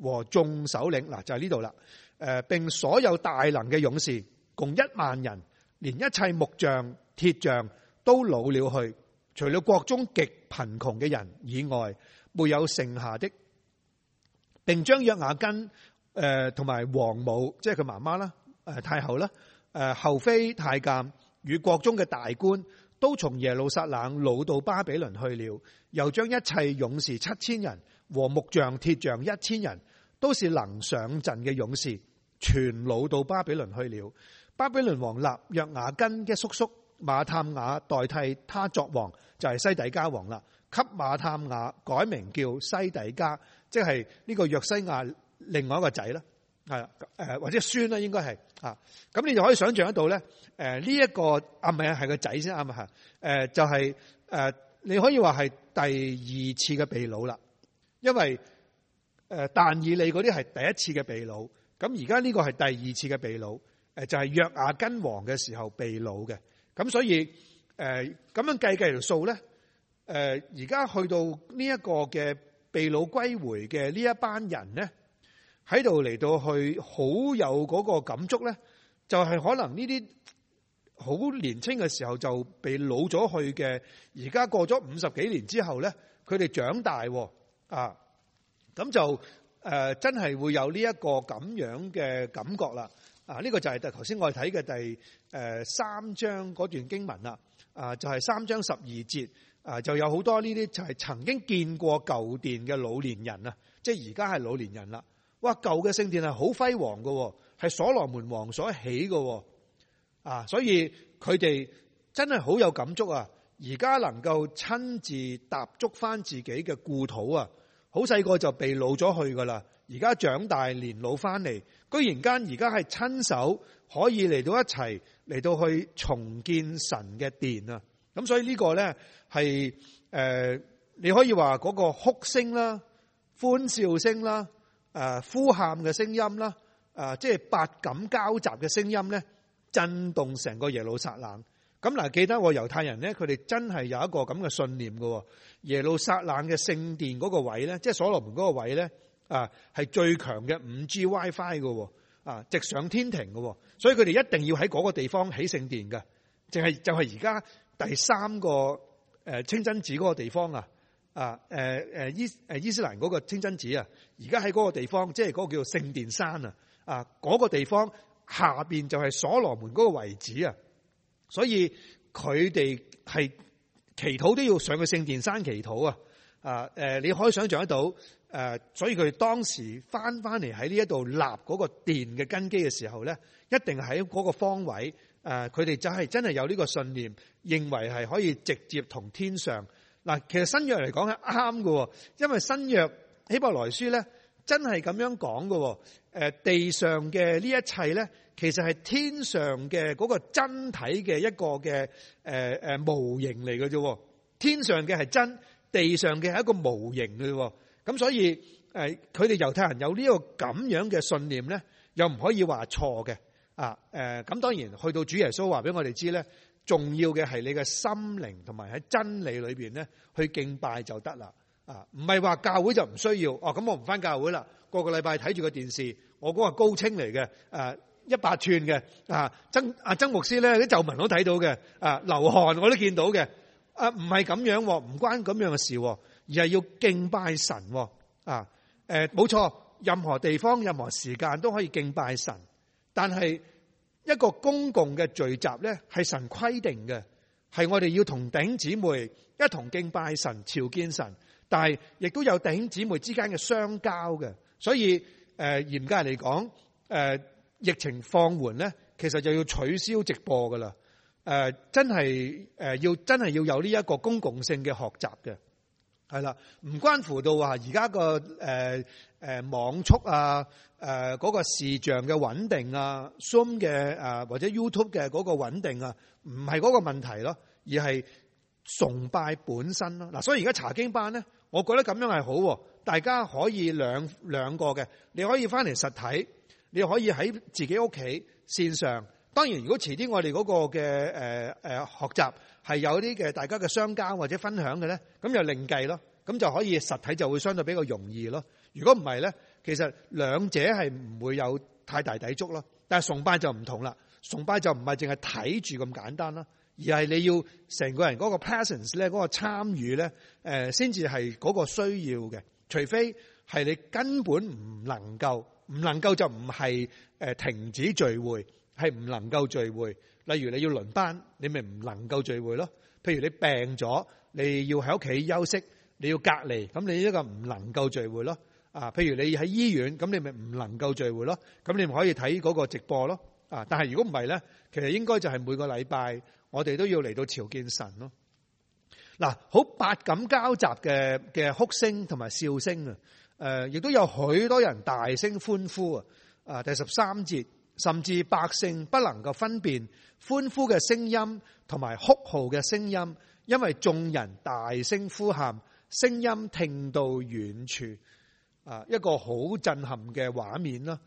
和眾首領，嗱就係呢度啦。誒，並所有大能嘅勇士共一萬人，連一切木匠、鐵匠都擄了去，除了國中極貧窮嘅人以外，沒有剩下的，並將約雅斤誒同埋王母，即係佢媽媽啦，誒太后啦，誒后妃、太監與國中嘅大官。都從耶路撒冷擄到巴比倫去了，又將一切勇士七千人和木匠鐵匠一千人，都是能上陣嘅勇士，全擄到巴比倫去了。巴比倫王立約雅斤嘅叔叔馬探雅代替他作王，就係、是、西底家王啦。給馬探雅改名叫西底家，即係呢個約西亞另外一個仔啦。係，誒或者孫啦，應該係，嚇、啊，咁你就可以想象得到咧，誒呢一個，啊唔係啊，係個仔先啱啊嚇，誒就係、是，誒、啊、你可以話係第二次嘅被擄啦，因為，誒、呃、但以理嗰啲係第一次嘅被擄，咁而家呢個係第二次嘅被擄，誒、啊、就係約雅斤王嘅時候被擄嘅，咁、啊、所以，誒、啊、咁樣計計條數咧，誒而家去到呢一個嘅被擄歸回嘅呢一班人咧。喺度嚟到去好有嗰個感觸咧，就係可能呢啲好年青嘅時候就被擄咗去嘅，而家過咗五十幾年之後咧，佢哋長大啊，咁就誒真係會有呢一個咁樣嘅感覺啦。啊，呢個就係頭先我哋睇嘅第誒三章嗰段經文啦。啊，就係三章十二節啊，就有好多呢啲就係曾經見過舊殿嘅老年人啊，即係而家係老年人啦。哇！舊嘅聖殿係好輝煌嘅，係所羅門王所起嘅。啊！所以佢哋真係好有感觸啊！而家能夠親自踏足翻自己嘅故土啊，好細個就被擄咗去噶啦，而家長大年老翻嚟，居然間而家係親手可以嚟到一齊嚟到去重建神嘅殿啊！咁所以呢個咧係誒，你可以話嗰個哭聲啦，歡笑聲啦。誒、呃、呼喊嘅聲音啦，誒、呃、即係八感交集嘅聲音咧，震動成個耶路撒冷。咁、啊、嗱，記得我猶太人咧，佢哋真係有一個咁嘅信念嘅、哦。耶路撒冷嘅聖殿嗰個位咧，即係所羅門嗰個位咧，啊係最強嘅五 G WiFi 嘅、哦，啊直上天庭嘅、哦，所以佢哋一定要喺嗰個地方起聖殿㗎，淨係就係而家第三個誒清真寺嗰個地方啊。啊，誒，誒，伊誒，伊斯蘭嗰個清真寺啊，而家喺嗰個地方，即係嗰個叫聖殿山啊，啊嗰、嗰個地方下邊就係所羅門嗰個遺址啊，所以佢哋係祈禱都要上去聖殿山祈禱啊，啊誒，你可以想象得到，誒、啊，所以佢哋當時翻翻嚟喺呢一度立嗰個殿嘅根基嘅時候咧，一定喺嗰個方位，誒、啊，佢哋就係真係有呢個信念，認為係可以直接同天上。嗱，其實新約嚟講係啱嘅，因為新約希伯來書咧，真係咁樣講嘅。誒，地上嘅呢一切咧，其實係天上嘅嗰個真體嘅一個嘅，誒、呃、誒、呃，模型嚟嘅啫。天上嘅係真，地上嘅係一個模型嘅。咁所以，誒、呃，佢哋猶太人有呢、這個咁樣嘅信念咧，又唔可以話錯嘅。啊，誒、呃，咁當然去到主耶穌話俾我哋知咧。重要嘅係你嘅心靈同埋喺真理裏邊咧去敬拜就得啦。啊，唔係話教會就唔需要哦，哦，咁我唔翻教會啦個個禮拜睇住個電視，我嗰個高清嚟嘅，誒，一百寸嘅，啊，曾阿曾牧師咧啲皺紋我都睇到嘅，啊，流汗我都見到嘅。啊，唔係咁樣，唔關咁樣嘅事，而係要敬拜神，啊，誒，冇錯，任何地方任何時間都可以敬拜神，但係。一個公共嘅聚集咧，係神規定嘅，係我哋要同弟兄姊妹一同敬拜神、朝見神，但係亦都有弟兄姊妹之間嘅相交嘅，所以誒、呃、嚴格嚟講，誒、呃、疫情放緩咧，其實就要取消直播㗎喇，誒、呃、真係誒要真係要有呢一個公共性嘅學習嘅。係啦，唔關乎到話而家個誒誒網速啊，誒、呃、嗰、那個視像嘅穩定啊，Zoom 嘅誒或者 YouTube 嘅嗰個穩定啊，唔係嗰個問題咯，而係崇拜本身咯。嗱，所以而家查經班咧，我覺得咁樣係好，大家可以兩兩個嘅，你可以翻嚟實體，你可以喺自己屋企線上。當然，如果遲啲我哋嗰個嘅誒誒學習係有啲嘅大家嘅相交或者分享嘅咧，咁就另計咯。咁就可以實體就會相對比較容易咯。如果唔係咧，其實兩者係唔會有太大抵觸咯。但係崇拜就唔同啦，崇拜就唔係淨係睇住咁簡單啦，而係你要成個人嗰個 passion 咧，嗰個參與咧，誒先至係嗰個需要嘅。除非係你根本唔能夠，唔能夠就唔係誒停止聚會。係唔能夠聚會，例如你要輪班，你咪唔能夠聚會咯。譬如你病咗，你要喺屋企休息，你要隔離，咁你呢個唔能夠聚會咯。啊，譬如你喺醫院，咁你咪唔能夠聚會咯。咁你咪可以睇嗰個直播咯。啊，但係如果唔係咧，其實應該就係每個禮拜，我哋都要嚟到朝見神咯。嗱，好百感交集嘅嘅哭聲同埋笑聲啊，誒，亦都有許多人大聲歡呼啊。啊，第十三節。甚至百姓不能夠分辨歡呼嘅聲音同埋哭號嘅聲音，因為眾人大聲呼喊，聲音聽到遠處，啊，一個好震撼嘅畫面啦，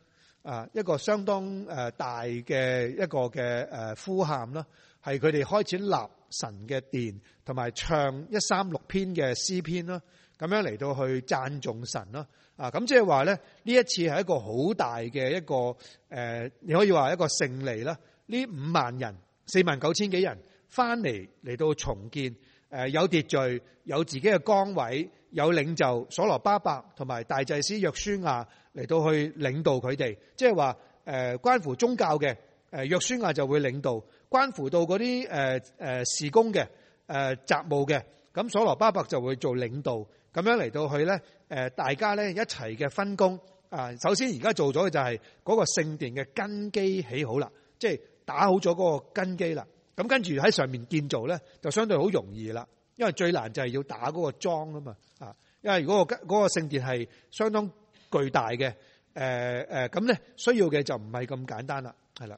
啊，一個相當誒大嘅一個嘅誒呼喊啦，係佢哋開始立神嘅殿，同埋唱一三六篇嘅詩篇啦，咁樣嚟到去讚頌神啦。啊，咁即係話咧，呢一次係一個好大嘅一個誒、呃，你可以話一個勝利啦。呢五萬人，四萬九千幾人翻嚟嚟到重建，誒、呃、有秩序，有自己嘅崗位，有領袖所羅巴伯同埋大祭司約書亞嚟到去領導佢哋。即係話誒，關乎宗教嘅，誒約書亞就會領導，關乎到嗰啲誒誒事工嘅，誒、呃、雜務嘅，咁所羅巴伯就會做領導。咁樣嚟到去咧，誒，大家咧一齊嘅分工啊。首先而家做咗嘅就係嗰個聖殿嘅根基起好啦，即係打好咗嗰個根基啦。咁跟住喺上面建造咧，就相對好容易啦。因為最難就係要打嗰個樁啊嘛。啊，因為如果個嗰個聖殿係相當巨大嘅，誒、呃、誒，咁、呃、咧需要嘅就唔係咁簡單啦。係啦，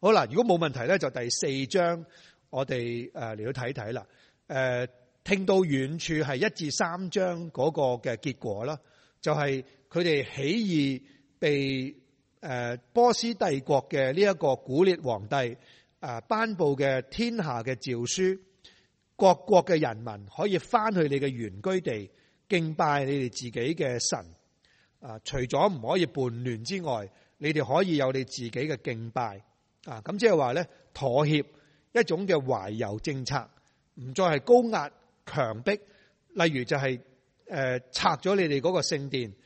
好啦，如果冇問題咧，就第四章我哋誒嚟到睇睇啦，誒、呃。聽到遠處係一至三章嗰個嘅結果啦，就係佢哋起義，被誒波斯帝國嘅呢一個古列皇帝誒頒布嘅天下嘅詔書，各國嘅人民可以返去你嘅原居地敬拜你哋自己嘅神啊，除咗唔可以叛亂之外，你哋可以有你自己嘅敬拜啊，咁即係話咧妥協一種嘅懷柔政策，唔再係高壓強迫，例如就係、是、誒、呃、拆咗你哋嗰個聖殿，誒、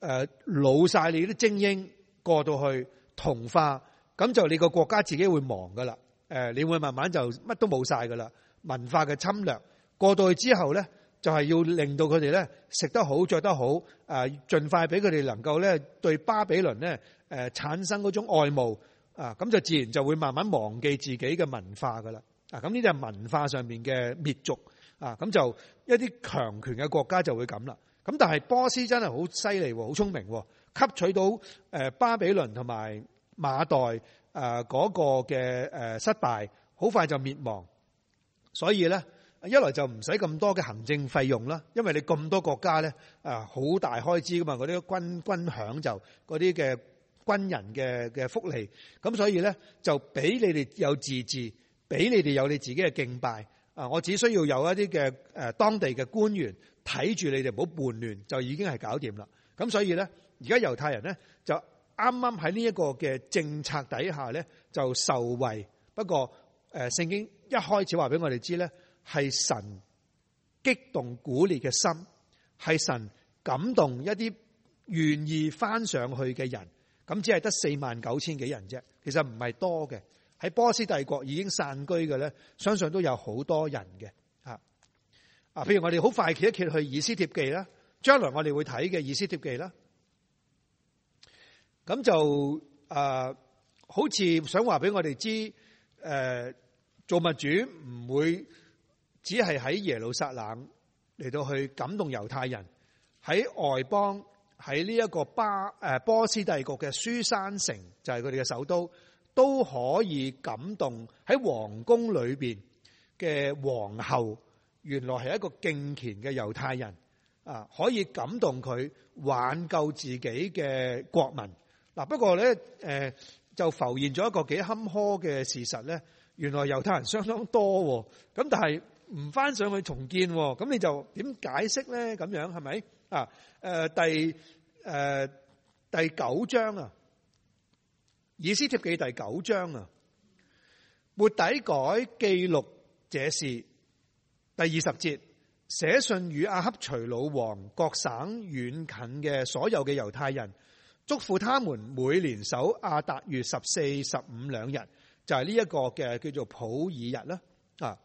呃、擄曬你啲精英過到去同化，咁就你個國家自己會亡噶啦。誒、呃，你會慢慢就乜都冇曬噶啦。文化嘅侵略過到去之後咧，就係、是、要令到佢哋咧食得好、着得好，誒、呃，盡快俾佢哋能夠咧對巴比倫咧、呃、產生嗰種愛慕，啊，咁就自然就會慢慢忘記自己嘅文化噶啦。啊，咁呢啲係文化上面嘅滅族。啊，咁就一啲強權嘅國家就會咁啦。咁但係波斯真係好犀利，好聰明，吸取到巴比倫同埋馬代嗰個嘅失敗，好快就滅亡。所以咧，一來就唔使咁多嘅行政費用啦，因為你咁多國家咧，好大開支噶嘛，嗰啲軍軍餉就嗰啲嘅軍人嘅嘅福利。咁所以咧，就俾你哋有自治，俾你哋有你自己嘅敬拜。啊！我只需要有一啲嘅誒當地嘅官員睇住你哋唔好叛亂，就已經係搞掂啦。咁所以咧，而家猶太人咧就啱啱喺呢一個嘅政策底下咧就受惠。不過誒，聖經一開始話俾我哋知咧，係神激動鼓勵嘅心，係神感動一啲願意翻上去嘅人。咁只係得四萬九千幾人啫，其實唔係多嘅。喺波斯帝國已經散居嘅咧，相信都有好多人嘅吓啊！譬如我哋好快揭一揭去《以斯帖記》啦，將來我哋會睇嘅《以斯帖記》啦。咁就誒，好似想話俾我哋知，誒、呃，造物主唔會只係喺耶路撒冷嚟到去感動猶太人，喺外邦喺呢一個巴誒、呃、波斯帝國嘅書珊城，就係佢哋嘅首都。都可以感動喺皇宮裏邊嘅皇后，原來係一個敬虔嘅猶太人啊！可以感動佢挽救自己嘅國民。嗱，不過咧，誒就浮現咗一個幾坎坷嘅事實咧。原來猶太人相當多，咁但係唔翻上去重建，咁你就點解釋咧？咁樣係咪啊？誒第誒第九章啊！以斯帖記第九章啊，末底改記錄這事第二十節，寫信與亞哈隨魯王各省遠近嘅所有嘅猶太人，囑咐他們每年守亞達月十四十五兩日，就係呢一個嘅叫做普爾日啦啊，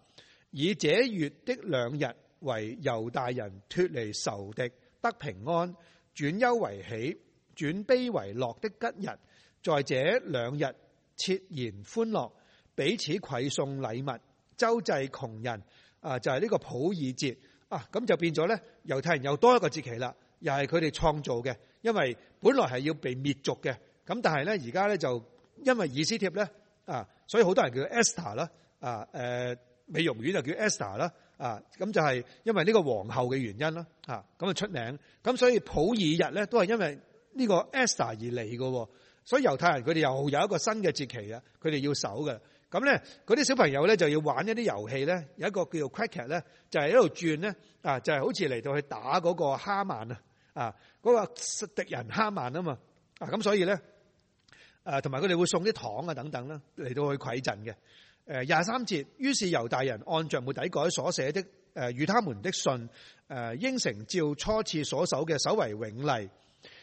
以這月的兩日為猶大人脫離仇敵得平安，轉憂為喜，轉悲為樂的吉日。在者兩日，兩日設宴歡樂，彼此饋送禮物，周濟窮人。啊，就係、是、呢個普爾節啊，咁就變咗咧。猶太人又多一個節期啦，又係佢哋創造嘅，因為本來係要被滅族嘅。咁但係咧，而家咧就因為以斯帖咧啊，所以好多人叫 Esther 啦啊，誒、呃、美容院就叫 Esther 啦啊，咁、啊、就係、是、因為呢個皇后嘅原因啦啊咁就、啊、出名。咁所以普爾日咧都係因為呢個 Esther 而嚟嘅。所以猶太人佢哋又有一個新嘅節期啦，佢哋要守嘅。咁咧，嗰啲小朋友咧就要玩一啲遊戲咧，有一個叫做 cracket 咧，就係、是、一路轉咧，啊，就係好似嚟到去打嗰個哈曼啊，啊，嗰個敵人哈曼啊嘛。啊，咁所以咧，啊，同埋佢哋會送啲糖啊等等啦嚟到去饋贈嘅。誒廿三節，於是猶大人按著末底改所寫的誒與他們的信，誒應承照初次所守嘅守為永例。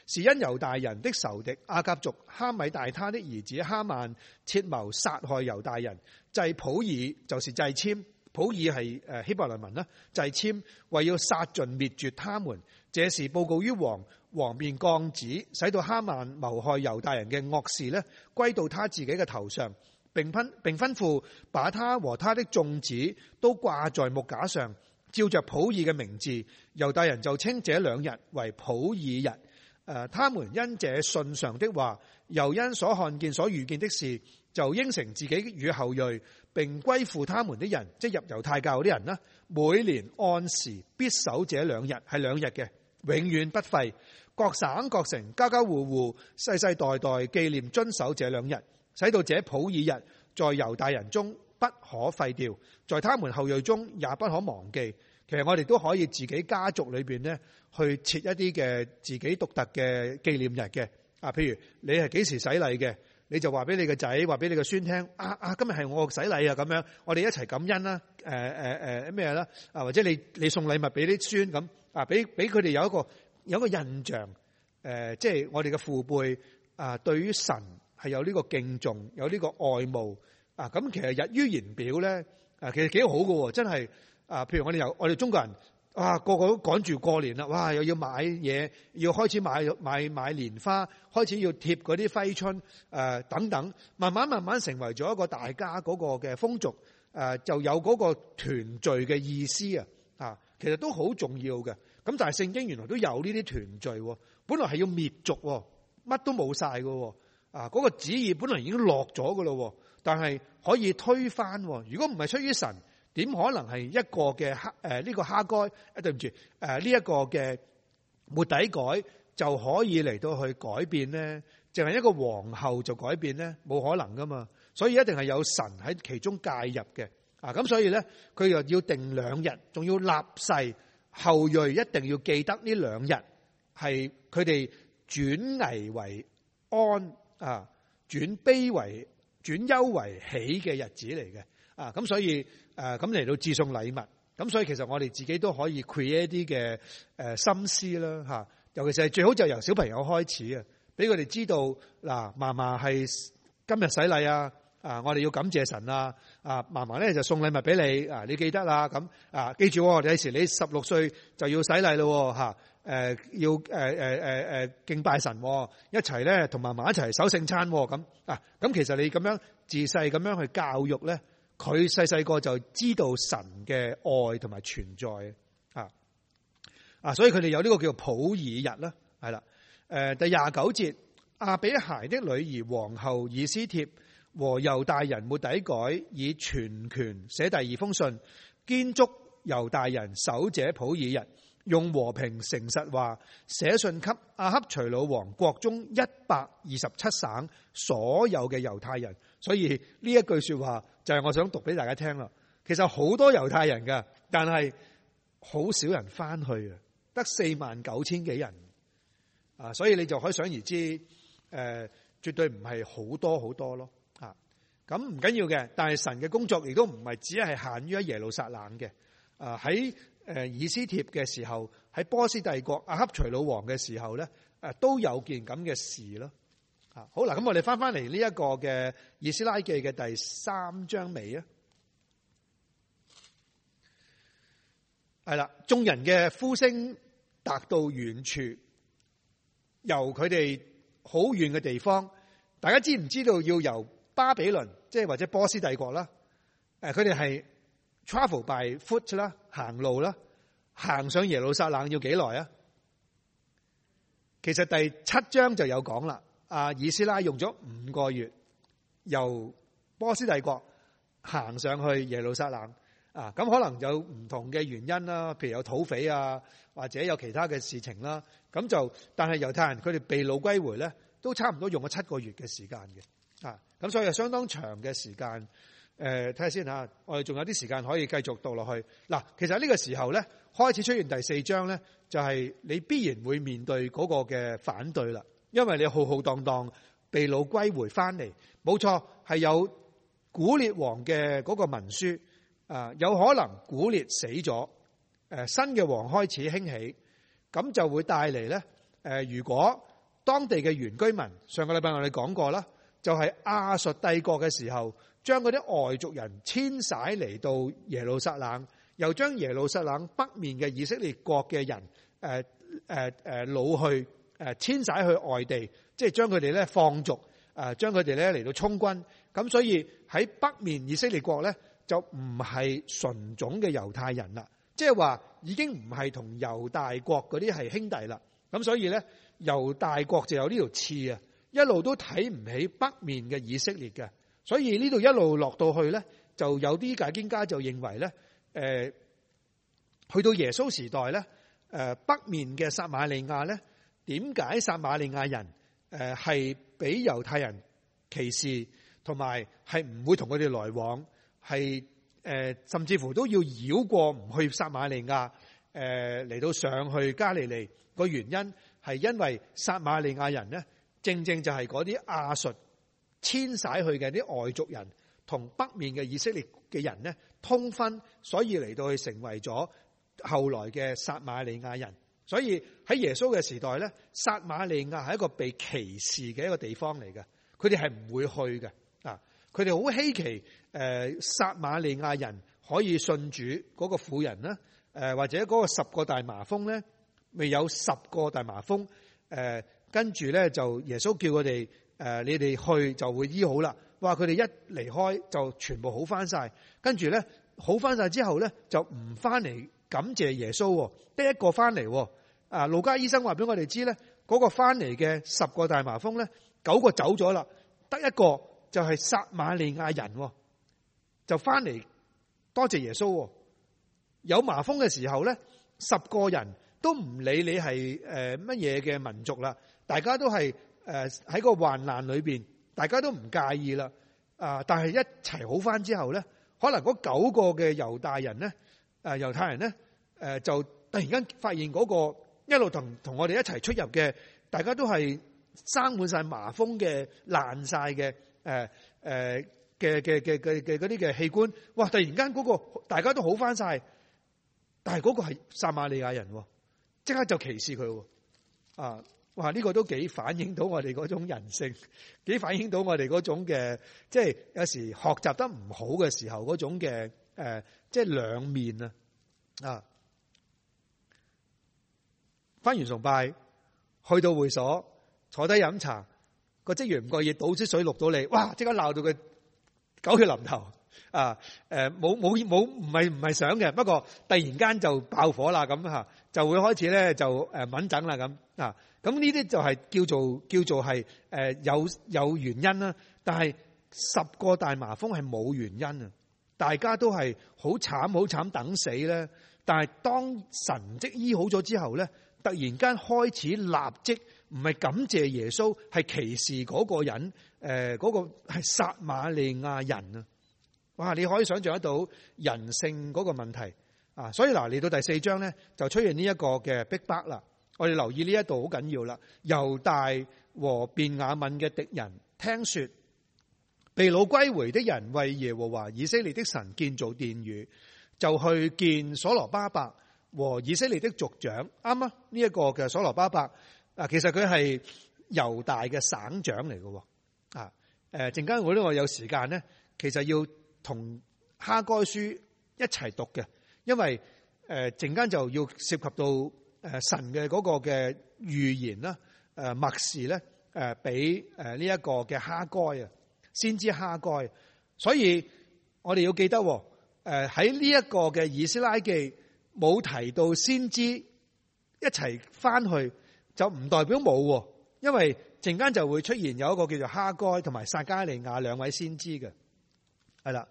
是因猶大人的仇敵亞甲族哈米大他的兒子哈曼設謀殺害猶大人，祭普爾就是祭簽普爾，係誒希伯來文啦，祭簽為要殺盡滅絕他們，這時報告於王，王便降旨，使到哈曼謀害猶大人嘅惡事呢，歸到他自己嘅頭上，並吩並吩咐把他和他的眾子都掛在木架上，照着普爾嘅名字，猶大人就稱這兩日為普爾日。誒，他們因這信上的話，又因所看見所遇見的事，就應承自己與後裔，並歸附他們的人，即入猶太教啲人啦。每年按時必守這兩日，係兩日嘅，永遠不廢。各省各城家家戶戶世世代代紀念遵守這兩日，使到這普爾日，在猶大人中不可廢掉，在他們後裔中也不可忘記。其實我哋都可以自己家族裏邊咧，去設一啲嘅自己獨特嘅紀念日嘅。啊，譬如你係幾時洗禮嘅？你就話俾你個仔、話俾你個孫聽。啊啊，今日係我洗禮啊，咁樣，我哋一齊感恩啦。誒誒誒咩啦？啊，或者你你送禮物俾啲孫咁啊，俾俾佢哋有一個有一個印象。誒、啊，即係我哋嘅父輩啊，對於神係有呢個敬重，有呢個愛慕。啊，咁其實溢於言表咧，啊，其實幾好噶，真係。啊！譬如我哋由我哋中國人，哇，個個都趕住過年啦，哇，又要買嘢，要開始買買買蓮花，開始要貼嗰啲揮春，誒、呃，等等，慢慢慢慢成為咗一個大家嗰個嘅風俗，誒、呃，就有嗰個團聚嘅意思啊，其實都好重要嘅。咁但係聖經原來都有呢啲團聚，本來係要滅族，乜都冇晒㗎，啊，嗰、那個旨意本來已經落咗喇咯，但係可以推翻。如果唔係出於神。點可能係一個嘅哈，誒，呢個哈改，誒，對唔住，誒，呢一個嘅末底改就可以嚟到去改變咧？淨係一個皇后，就改變咧？冇可能噶嘛！所以一定係有神喺其中介入嘅啊！咁所以咧，佢又要定兩日，仲要立誓，後裔一定要記得呢兩日係佢哋轉危為安啊，轉悲為，轉憂為喜嘅日子嚟嘅。啊，咁所以，誒，咁嚟到自送禮物，咁所以其實我哋自己都可以 create 啲嘅，誒心思啦，尤其是係最好就由小朋友開始啊，俾佢哋知道，嗱，嫲嫲係今日洗禮啊，啊，我哋要感謝神啊，啊，嫲嫲咧就送禮物俾你，啊，你記得啦，咁，啊，記住，我哋有時你十六歲就要洗禮咯，喎。要敬拜神，一齊咧同嫲嫲一齊守聖餐，咁，啊，咁其實你咁樣自細咁樣去教育咧。佢細細個就知道神嘅愛同埋存在啊啊！所以佢哋有呢個叫做普珥日啦，係啦。誒、嗯，第廿九節，阿、啊、比孩的女兒皇后以斯帖和猶大人末底改，以全權寫第二封信，堅囑猶大人守者普珥日，用和平誠實話寫信給亞哈隨魯王國中一百二十七省所有嘅猶太人。所以呢一句說話。就係我想讀俾大家聽咯，其實好多猶太人噶，但係好少人翻去啊，得四萬九千幾人啊，所以你就可想而知，誒、呃，絕對唔係好多好多咯啊。咁唔緊要嘅，但係神嘅工作亦都唔係只係限於喺耶路撒冷嘅。啊，喺誒以斯帖嘅時候，喺波斯帝國亞哈隨魯王嘅時候咧，誒都有件咁嘅事咯。好啦，咁我哋翻翻嚟呢一個嘅以斯拉記嘅第三章尾啊，係啦，眾人嘅呼聲達到遠處，由佢哋好遠嘅地方，大家知唔知道要由巴比倫即係或者波斯帝國啦？誒，佢哋係 travel by foot 啦，行路啦，行上耶路撒冷要幾耐啊？其實第七章就有講啦。啊！以斯拉用咗五個月，由波斯帝國行上去耶路撒冷啊！咁可能有唔同嘅原因啦，譬如有土匪啊，或者有其他嘅事情啦。咁就，但係猶太人佢哋被擄歸回咧，都差唔多用咗七個月嘅時間嘅啊！咁所以有相當長嘅時間。誒、呃，睇下先吓，我哋仲有啲時間可以繼續讀落去。嗱、啊，其實呢個時候咧，開始出現第四章咧，就係、是、你必然會面對嗰個嘅反對啦。因為你浩浩蕩蕩，蕩被擄歸回翻嚟，冇錯，係有古列王嘅嗰個文書啊，有可能古列死咗，誒，新嘅王開始興起，咁就會帶嚟咧。誒，如果當地嘅原居民，上個禮拜我哋講過啦，就係、是、亞述帝國嘅時候，將嗰啲外族人遷徙嚟到耶路撒冷，又將耶路撒冷北面嘅以色列國嘅人，誒誒誒，呃呃、擄去。誒，遷徙去外地，即係將佢哋咧放逐，誒將佢哋咧嚟到充軍。咁所以喺北面以色列國咧，就唔係純種嘅猶太人啦，即係話已經唔係同猶大國嗰啲係兄弟啦。咁所以咧，猶大國就有呢條刺啊，一路都睇唔起北面嘅以色列嘅。所以呢度一路落到去咧，就有啲解經家就認為咧、呃，去到耶穌時代咧，誒、呃、北面嘅撒瑪利亞咧。點解撒瑪利亞人誒係俾猶太人歧視，同埋係唔會同佢哋來往，係誒、呃、甚至乎都要繞過唔去撒瑪利亞，誒、呃、嚟到上去加利利，個原因係因為撒瑪利亞人咧，正正就係啲亞述遷徙去嘅啲外族人，同北面嘅以色列嘅人咧通婚，所以嚟到去成為咗後來嘅撒瑪利亞人。所以喺耶穌嘅時代咧，撒瑪利亞係一個被歧視嘅一個地方嚟嘅，佢哋係唔會去嘅啊！佢哋好稀奇，誒撒瑪利亞人可以信主嗰個婦人啦，誒或者嗰個十個大麻風咧，未有十個大麻風誒，跟住咧就耶穌叫佢哋誒你哋去就會醫好啦。話佢哋一離開就全部好翻晒。跟住咧好翻晒之後咧就唔翻嚟。感謝耶穌，得一個翻嚟。啊，路加醫生話俾我哋知咧，嗰個翻嚟嘅十個大麻風咧，九個走咗啦，得一個就係撒瑪利亞人，就翻嚟多謝耶穌。有麻風嘅時候咧，十個人都唔理你係誒乜嘢嘅民族啦，大家都係誒喺個患難裏邊，大家都唔介意啦。啊，但係一齊好翻之後咧，可能嗰九個嘅猶大人咧。誒猶太人咧，誒就突然間發現嗰個一路同同我哋一齊出入嘅，大家都係生滿晒麻風嘅，爛晒嘅，誒誒嘅嘅嘅嘅嘅啲嘅器官，哇！突然間嗰個大家都好返晒，但係嗰個係撒瑪利亞人，即刻就歧視佢。啊，哇！呢個都幾反映到我哋嗰種人性，幾反映到我哋嗰種嘅，即係有時學習得唔好嘅時候嗰種嘅誒。呃即係兩面啊！啊，翻完崇拜，去到會所坐低飲茶，個職員唔覺意倒出水落到你，哇！即刻鬧到佢狗血淋頭啊！誒、呃，冇冇冇，唔係唔係想嘅，不過突然間就爆火啦咁吓，就會開始咧就誒敏感啦咁啊！咁呢啲就係叫做叫做係誒有有原因啦，但係十個大麻風係冇原因啊。大家都係好慘好慘等死咧，但係當神蹟醫好咗之後咧，突然間開始立即唔係感謝耶穌，係歧視嗰個人，誒、呃、嗰、那個係撒瑪利亞人啊！哇，你可以想象得到人性嗰個問題啊！所以嗱嚟到第四章咧，就出現呢一個嘅逼迫啦。我哋留意呢一度好緊要啦。猶大和便雅憫嘅敵人聽說。被擄歸回的人為耶和華以色列的神建造殿宇，就去見所羅巴伯和以色列的族長。啱啊！呢、這、一個嘅所羅巴伯啊，其實佢係猶大嘅省長嚟嘅。啊，誒，陣間我呢個有時間咧，其實要同哈該書一齊讀嘅，因為誒陣間就要涉及到誒神嘅嗰個嘅預言啦，誒、啊、默示咧，誒俾誒呢一個嘅哈該啊。先知哈該，所以我哋要記得誒喺呢一個嘅以斯拉記冇提到先知一齊翻去，就唔代表冇，因為陣間就會出現有一個叫做哈該同埋撒迦利亞兩位先知嘅係啦。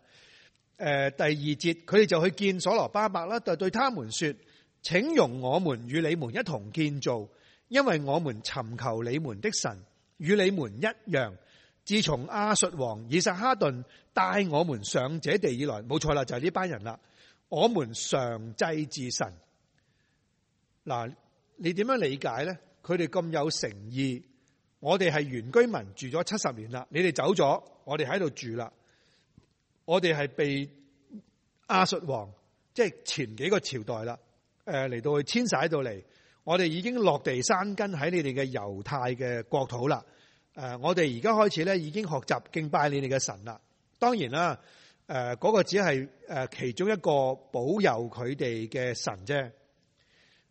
誒第二節佢哋就去見所羅巴伯啦，就對他們說：請容我們與你們一同建造，因為我們尋求你們的神與你們一樣。自從亞述王以撒哈頓帶我們上這地以來，冇錯啦，就係、是、呢班人啦。我們常祭祀神，嗱，你點樣理解咧？佢哋咁有誠意，我哋係原居民住咗七十年啦。你哋走咗，我哋喺度住啦。我哋係被亞述王，即、就、係、是、前幾個朝代啦，誒嚟到去遷徙到嚟，我哋已經落地生根喺你哋嘅猶太嘅國土啦。誒，我哋而家開始咧，已經學習敬拜你哋嘅神啦。當然啦，誒，嗰個只係誒其中一個保佑佢哋嘅神啫。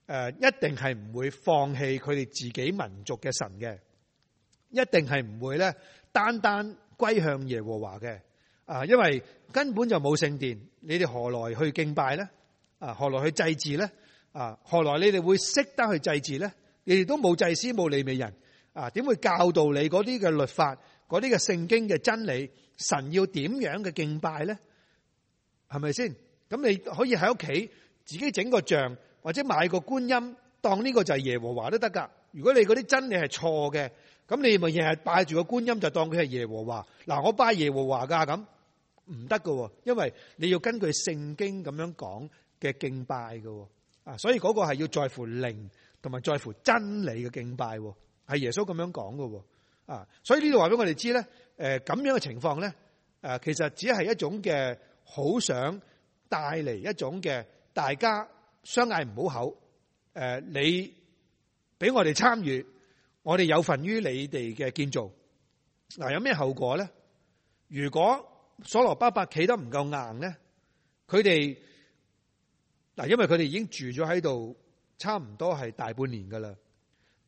誒，一定係唔會放棄佢哋自己民族嘅神嘅，一定係唔會咧，單單歸向耶和華嘅。啊，因為根本就冇聖殿，你哋何來去敬拜咧？啊，何來去祭祀咧？啊，何來你哋會識得去祭祀咧？你哋都冇祭司，冇利未人。啊！點會教導你嗰啲嘅律法、嗰啲嘅聖經嘅真理？神要點樣嘅敬拜咧？係咪先？咁你可以喺屋企自己整個像，或者買個觀音當呢個就係耶和華都得噶。如果你嗰啲真理係錯嘅，咁你咪日日拜住個觀音就當佢係耶和華。嗱、啊，我拜耶和華噶，咁唔得噶，因為你要根據聖經咁樣講嘅敬拜噶。啊，所以嗰個係要在乎靈同埋在乎真理嘅敬拜。係耶穌咁樣講㗎啊，所以呢度話俾我哋知咧，誒，咁樣嘅情況咧，誒，其實只係一種嘅，好想帶嚟一種嘅，大家相嗌唔好口，誒，你俾我哋參與，我哋有份於你哋嘅建造，嗱、嗯，有咩後果咧？如果所羅巴伯企得唔夠硬咧，佢哋嗱，因為佢哋已經住咗喺度，差唔多係大半年噶啦。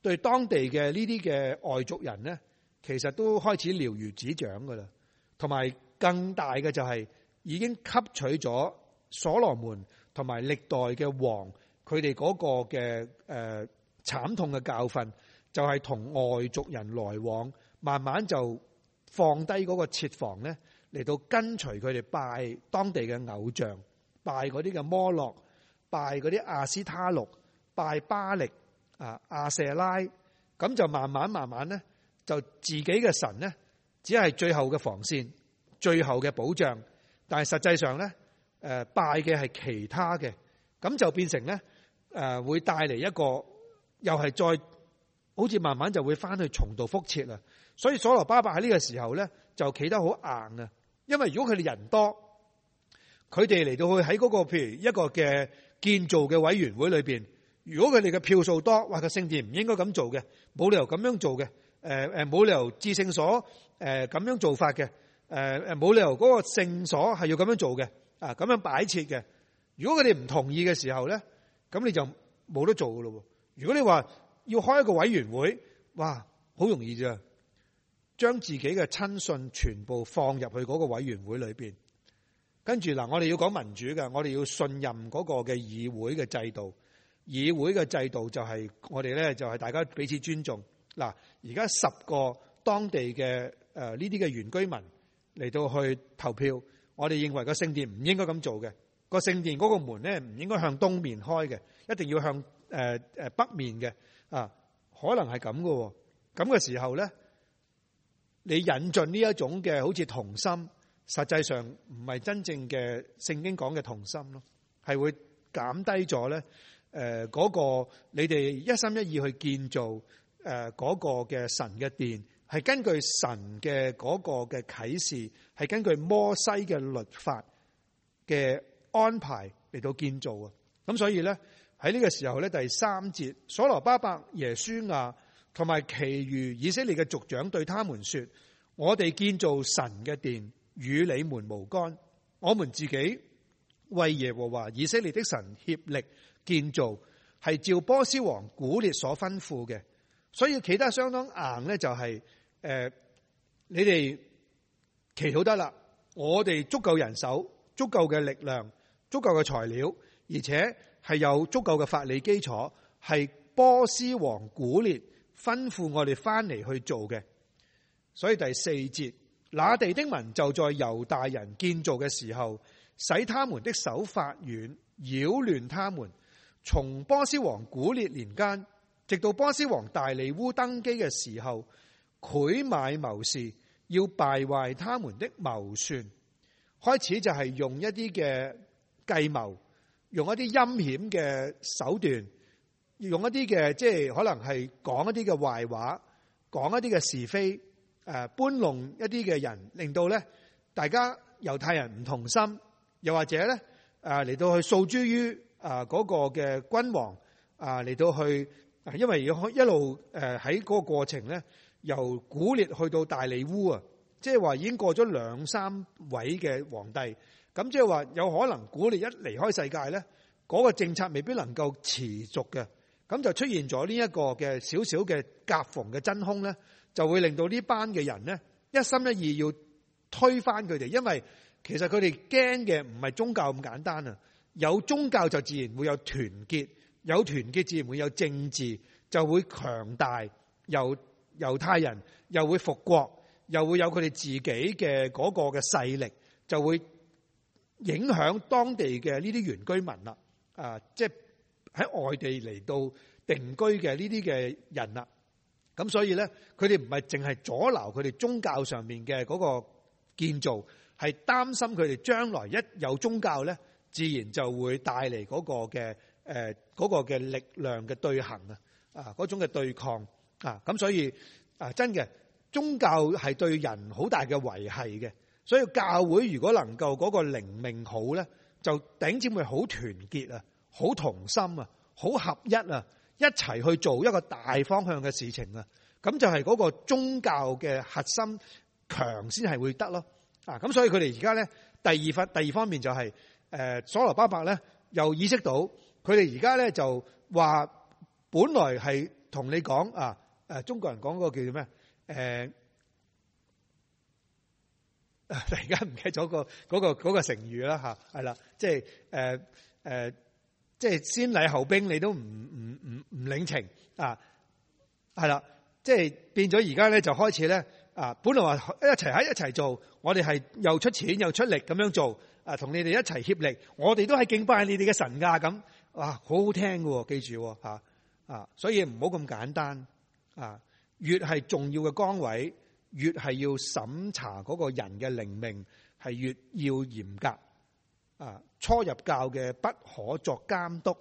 對當地嘅呢啲嘅外族人呢，其實都開始瞭如指掌噶啦，同埋更大嘅就係已經吸取咗所羅門同埋歷代嘅王佢哋嗰個嘅誒慘痛嘅教訓，就係同外族人來往，慢慢就放低嗰個設防呢，嚟到跟隨佢哋拜當地嘅偶像，拜嗰啲嘅摩洛，拜嗰啲亞斯他錄，拜巴力。啊亞舍拉，咁就慢慢慢慢咧，就自己嘅神咧，只係最後嘅防線、最後嘅保障，但係實際上咧，誒、呃、拜嘅係其他嘅，咁就變成咧誒、呃、會帶嚟一個又係再好似慢慢就會翻去重蹈覆轍啦。所以所羅巴伯喺呢個時候咧，就企得好硬啊。因為如果佢哋人多，佢哋嚟到去喺嗰個譬如一個嘅建造嘅委員會裏邊。如果佢哋嘅票數多，話，個聖殿唔應該咁做嘅，冇理由咁樣做嘅，誒、呃、誒，冇理由至聖所誒咁、呃、樣做法嘅，誒、呃、誒，冇理由嗰個聖所係要咁樣做嘅，啊，咁樣擺設嘅。如果佢哋唔同意嘅時候咧，咁你就冇得做噶咯。如果你話要開一個委員會，哇，好容易咋，將自己嘅親信全部放入去嗰個委員會裏邊，跟住嗱，我哋要講民主嘅，我哋要信任嗰個嘅議會嘅制度。議會嘅制度就係我哋咧，就係大家彼此尊重。嗱，而家十個當地嘅誒呢啲嘅原居民嚟到去投票，我哋認為個聖殿唔應該咁做嘅。個聖殿嗰個門咧唔應該向東面開嘅，一定要向誒誒北面嘅啊。可能係咁嘅，咁嘅時候咧，你引進呢一種嘅好似同心，實際上唔係真正嘅聖經講嘅同心咯，係會減低咗咧。誒，嗰個你哋一心一意去建造誒，嗰個嘅神嘅殿係根據神嘅嗰個嘅啟示，係根據摩西嘅律法嘅安排嚟到建造啊。咁所以咧喺呢個時候咧，第三節，所羅巴伯耶書亞同埋其餘以色列嘅族長對他們說：我哋建造神嘅殿與你們無干，我們自己為耶和華以色列的神協力。建造係照波斯王古列所吩咐嘅，所以企得相當硬呢、就是，就係誒，你哋祈禱得啦。我哋足夠人手、足夠嘅力量、足夠嘅材料，而且係有足夠嘅法理基礎，係波斯王古列吩咐我哋翻嚟去做嘅。所以第四節，那地的民就在猶大人建造嘅時候，使他們的手發軟，擾亂他們。從波斯王古列年間，直到波斯王大利烏登基嘅時候，賄買謀士，要敗壞他們的謀算，開始就係用一啲嘅計謀，用一啲陰險嘅手段，用一啲嘅即係可能係講一啲嘅壞話，講一啲嘅是非，誒搬弄一啲嘅人，令到咧大家猶太人唔同心，又或者咧誒嚟到去訴諸於。啊！嗰個嘅君王啊，嚟到去，因為要一路誒喺嗰個過程咧，由古列去到大利烏啊，即係話已經過咗兩三位嘅皇帝，咁、啊、即係話有可能古列一離開世界咧，嗰個政策未必能夠持續嘅，咁就出現咗呢一個嘅少少嘅夾縫嘅真空咧，就會令到呢班嘅人咧一心一意要推翻佢哋，因為其實佢哋驚嘅唔係宗教咁簡單啊。有宗教就自然會有團結，有團結自然會有政治，就會強大。猶猶太人又會復國，又會有佢哋自己嘅嗰個嘅勢力，就會影響當地嘅呢啲原居民啦。啊，即係喺外地嚟到定居嘅呢啲嘅人啦。咁所以咧，佢哋唔係淨係阻撓佢哋宗教上面嘅嗰個建造，係擔心佢哋將來一有宗教咧。自然就會帶嚟嗰個嘅誒嗰個嘅力量嘅對行啊，啊嗰種嘅對抗啊。咁所以啊真嘅宗教係對人好大嘅維繫嘅，所以教會如果能夠嗰個靈命好咧，就頂尖會好團結啊，好同心啊，好合一啊，一齊去做一個大方向嘅事情啊，咁就係嗰個宗教嘅核心強先係會得咯，啊咁所以佢哋而家咧，第二方第二方面就係、是。誒，所羅巴伯咧又意識到，佢哋而家咧就話，本來係同你講啊，誒，中國人講個叫做咩？啊、突然間唔記咗個嗰個成語啦吓，係啦，即係誒誒，即係先禮後兵，你都唔唔唔唔領情啊，係啦，即係變咗而家咧就開始咧啊，本來話一齊喺一齊做，我哋係又出錢又出力咁樣做。啊，同你哋一齊協力，我哋都係敬拜你哋嘅神噶咁，哇，好好聽噶，記住吓啊！所以唔好咁簡單啊，越係重要嘅崗位，越係要審查嗰個人嘅靈命，係越要嚴格啊。初入教嘅不可作監督，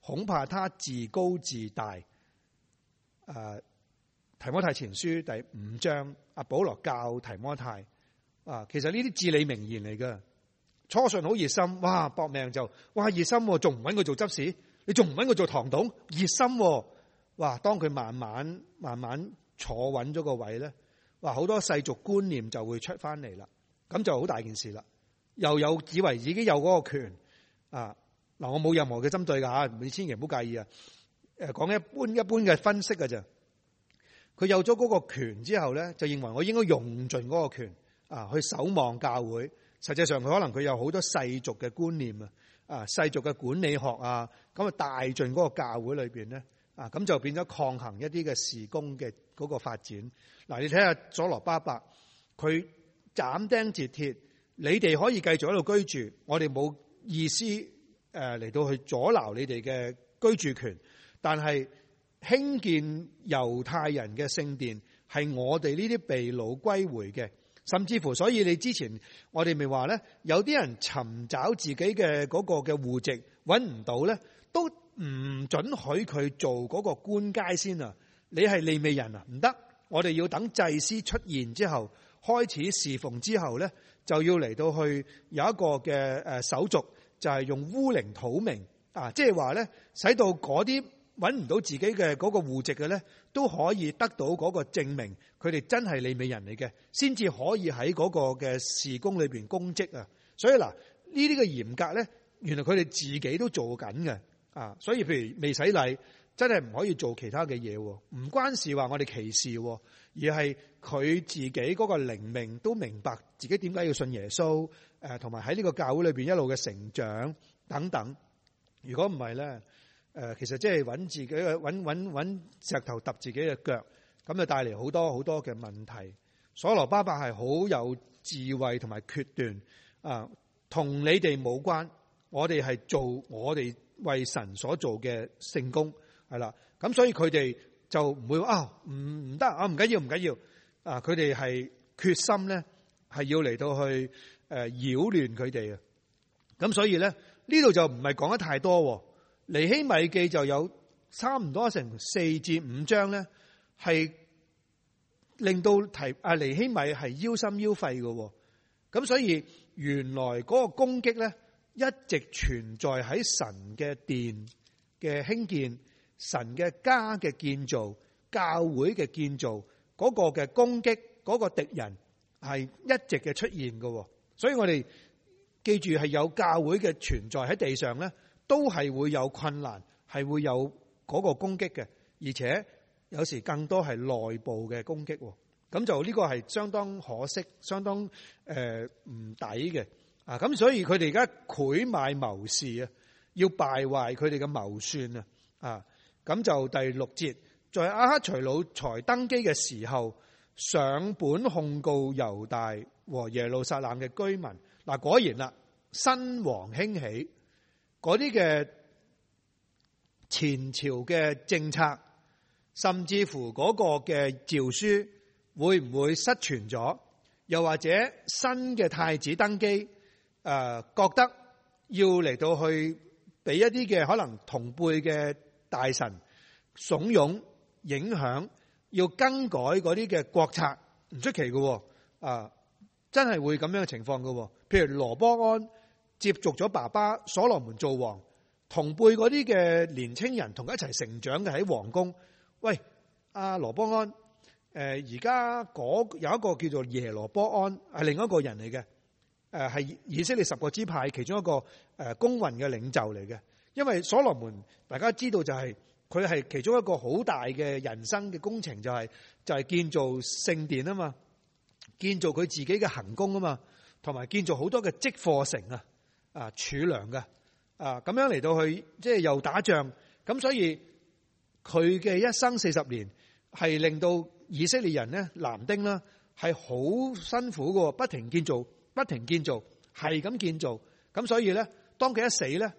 恐怕他自高自大。誒、啊，提摩太前書第五章，阿、啊、保羅教提摩太啊，其實呢啲至理名言嚟噶。初信好熱心，哇搏命就哇熱心，仲唔揾佢做執事？你仲唔揾佢做堂董？熱心，哇！哇啊啊、哇當佢慢慢慢慢坐穩咗個位咧，哇！好多世俗觀念就會出翻嚟啦，咁就好大件事啦。又有以為自己有嗰個權啊嗱，我冇任何嘅針對噶吓，你千祈唔好介意啊。誒，講一般一般嘅分析噶啫。佢有咗嗰個權之後咧，就認為我應該用盡嗰個權啊去守望教會。實際上佢可能佢有好多世俗嘅觀念啊，啊世俗嘅管理學啊，咁啊帶進個教會裏邊咧，啊咁就變咗抗衡一啲嘅事工嘅個發展。嗱，你睇下所羅巴伯，佢斬釘截鐵，你哋可以繼續喺度居住，我哋冇意思誒嚟到去阻撓你哋嘅居住權。但係興建猶太人嘅聖殿係我哋呢啲被擄歸回嘅。甚至乎，所以你之前我哋咪話咧，有啲人尋找自己嘅嗰個嘅戶籍揾唔到咧，都唔准許佢做嗰個官階先啊！你係利未人啊，唔得！我哋要等祭司出現之後，開始侍奉之後咧，就要嚟到去有一個嘅誒手續，就係用烏陵土明啊，即係話咧，使到嗰啲。揾唔到自己嘅嗰個戶籍嘅咧，都可以得到嗰個證明，佢哋真係利未人嚟嘅，先至可以喺嗰個嘅事工裏邊供職啊！所以嗱，呢啲嘅嚴格咧，原來佢哋自己都做緊嘅啊！所以譬如未洗禮，真係唔可以做其他嘅嘢，唔關事話我哋歧視，而係佢自己嗰個靈命都明白自己點解要信耶穌，誒，同埋喺呢個教會裏邊一路嘅成長等等。如果唔係咧，誒，其實即係搵自己嘅，搵搵搵石頭揼自己嘅腳，咁就帶嚟好多好多嘅問題。所羅巴伯係好有智慧同埋決斷，啊，同你哋冇關，我哋係做我哋為神所做嘅聖工，係啦。咁所以佢哋就唔會啊，唔唔得啊，唔緊要，唔緊要啊。佢哋係決心咧，係要嚟到去誒擾亂佢哋嘅。咁所以咧，呢度就唔係講得太多。尼希米記就有差唔多成四至五章咧，係令到提啊尼希米係腰心腰肺嘅，咁所以原來嗰個攻擊咧一直存在喺神嘅殿嘅興建、神嘅家嘅建造、教會嘅建造嗰個嘅攻擊嗰個敵人係一直嘅出現嘅，所以我哋記住係有教會嘅存在喺地上咧。都係會有困難，係會有嗰個攻擊嘅，而且有時更多係內部嘅攻擊。咁就呢個係相當可惜，相當誒唔、呃、抵嘅。啊，咁所以佢哋而家賄買謀士啊，要敗壞佢哋嘅謀算啊。啊，咁就第六節，在亞哈隨魯才登基嘅時候，上本控告猶大和、哦、耶路撒冷嘅居民。嗱、啊，果然啦，新王興起。嗰啲嘅前朝嘅政策，甚至乎嗰個嘅詔書會唔會失傳咗？又或者新嘅太子登基，誒、呃，覺得要嚟到去俾一啲嘅可能同輩嘅大臣慫恿影響，要更改嗰啲嘅國策，唔出奇嘅，啊、呃，真係會咁樣嘅情況嘅。譬如羅波安。接續咗爸爸所羅門做王，同輩嗰啲嘅年青人同佢一齊成長嘅喺皇宮。喂，阿羅波安，誒、呃，而家嗰有一個叫做耶羅波安，係另外一個人嚟嘅，誒、呃，係以色列十個支派其中一個誒、呃、工運嘅領袖嚟嘅。因為所羅門大家知道就係佢係其中一個好大嘅人生嘅工程，就是，就係就係建造聖殿啊嘛，建造佢自己嘅行宮啊嘛，同埋建造好多嘅積貨城啊。啊，儲糧嘅啊，咁樣嚟到去，即係又打仗，咁所以佢嘅一生四十年係令到以色列人咧，男丁啦係好辛苦嘅，不停建造，不停建造，係咁建造，咁所以咧，當佢一死咧，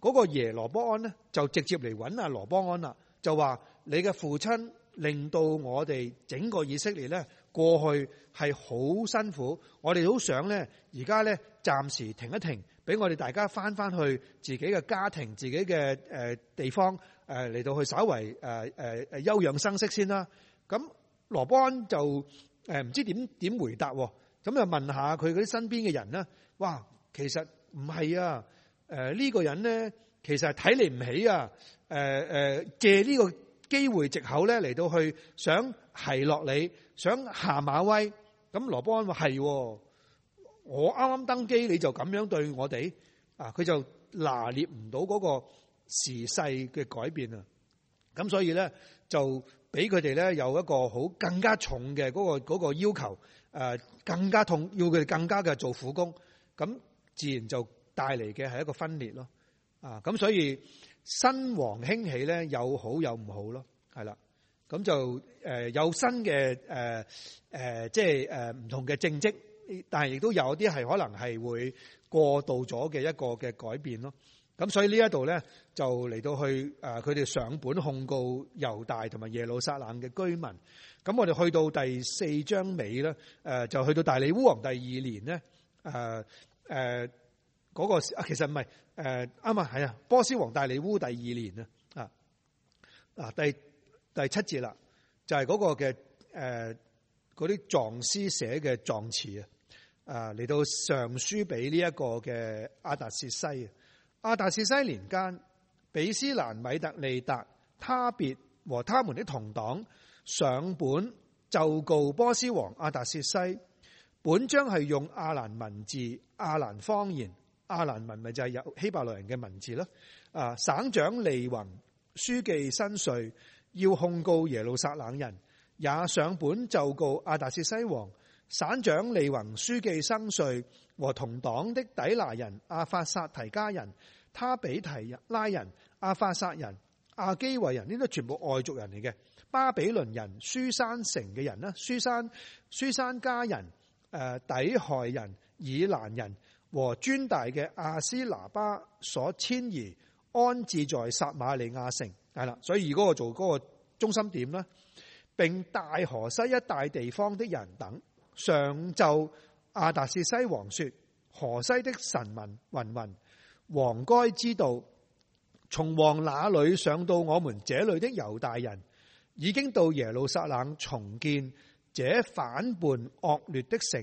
嗰個耶羅波安咧就直接嚟揾阿羅波安啦，就話你嘅父親令到我哋整個以色列咧過去係好辛苦，我哋都想咧而家咧暫時停一停。俾我哋大家翻翻去自己嘅家庭、自己嘅誒地方誒嚟到去稍為誒誒誒休養生息先啦。咁羅邦就誒唔知點點回答喎，咁就問下佢嗰啲身邊嘅人啦。哇，其實唔係啊，誒、這、呢個人咧，其實係睇你唔起啊，誒借呢個機會藉口咧嚟到去想係落你，想下馬威。咁羅邦話係、啊。我啱啱登基你就咁樣對我哋。啊佢就拿捏唔到嗰個時勢嘅改變啊，咁所以咧就俾佢哋咧有一個好更加重嘅嗰、嗰個嗰、嗰個要求，誒、呃、更加痛要佢哋更加嘅做苦工，咁自然就帶嚟嘅係一個分裂咯，啊咁、啊、所以新王興起咧有好有唔好咯，係啦，咁就誒、呃、有新嘅誒誒即係誒唔同嘅政績。但係亦都有啲係可能係會過度咗嘅一個嘅改變咯，咁所以呢一度咧就嚟到去誒，佢哋上本控告猶大同埋耶路撒冷嘅居民，咁我哋去到第四章尾咧，誒就去到大利烏王第二年咧，誒誒嗰個啊其實唔係誒啱啊係啊波斯王大利烏第二年啊啊嗱第第七節啦，就係、是、嗰個嘅誒。嗰啲狀師寫嘅狀詞啊，啊嚟到上書俾呢一個嘅亞達薛西啊，亞達薛西年間，比施蘭、米特利達、他別和他們的同黨上本奏告波斯王亞達薛西。本章係用亞蘭文字、亞蘭方言、亞蘭文咪就係有希伯來人嘅文字咯。啊，省長利宏、書記伸帥要控告耶路撒冷人。也上本就告阿達薛西王，省長利宏、書記生稅和同黨的底拿人、阿法薩提加人、他比提拉人、阿法薩人、阿基維人，呢啲全部外族人嚟嘅，巴比倫人、書山城嘅人啦，書山書山家人、誒底害人、以蘭人和尊大嘅阿斯拿巴所遷移安置在撒馬利亞城係啦，所以如果我做嗰個中心點啦。並大河西一帶地方的人等上奏亞達士西王說：河西的臣民云云。王該知道從王那裏上到我們這裏的猶大人已經到耶路撒冷重建這反叛惡劣的城，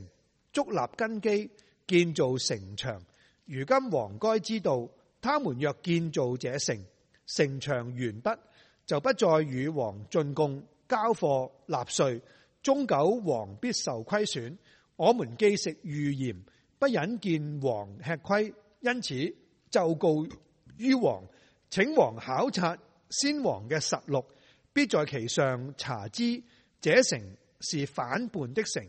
築立根基，建造城牆。如今王該知道，他們若建造這城，城牆完畢就不再與王進貢。交貨納稅，終久王必受虧損。我們既食御鹽，不忍見王吃虧，因此奏告於王，請王考察先王嘅實錄，必在其上查知。這城是反叛的城，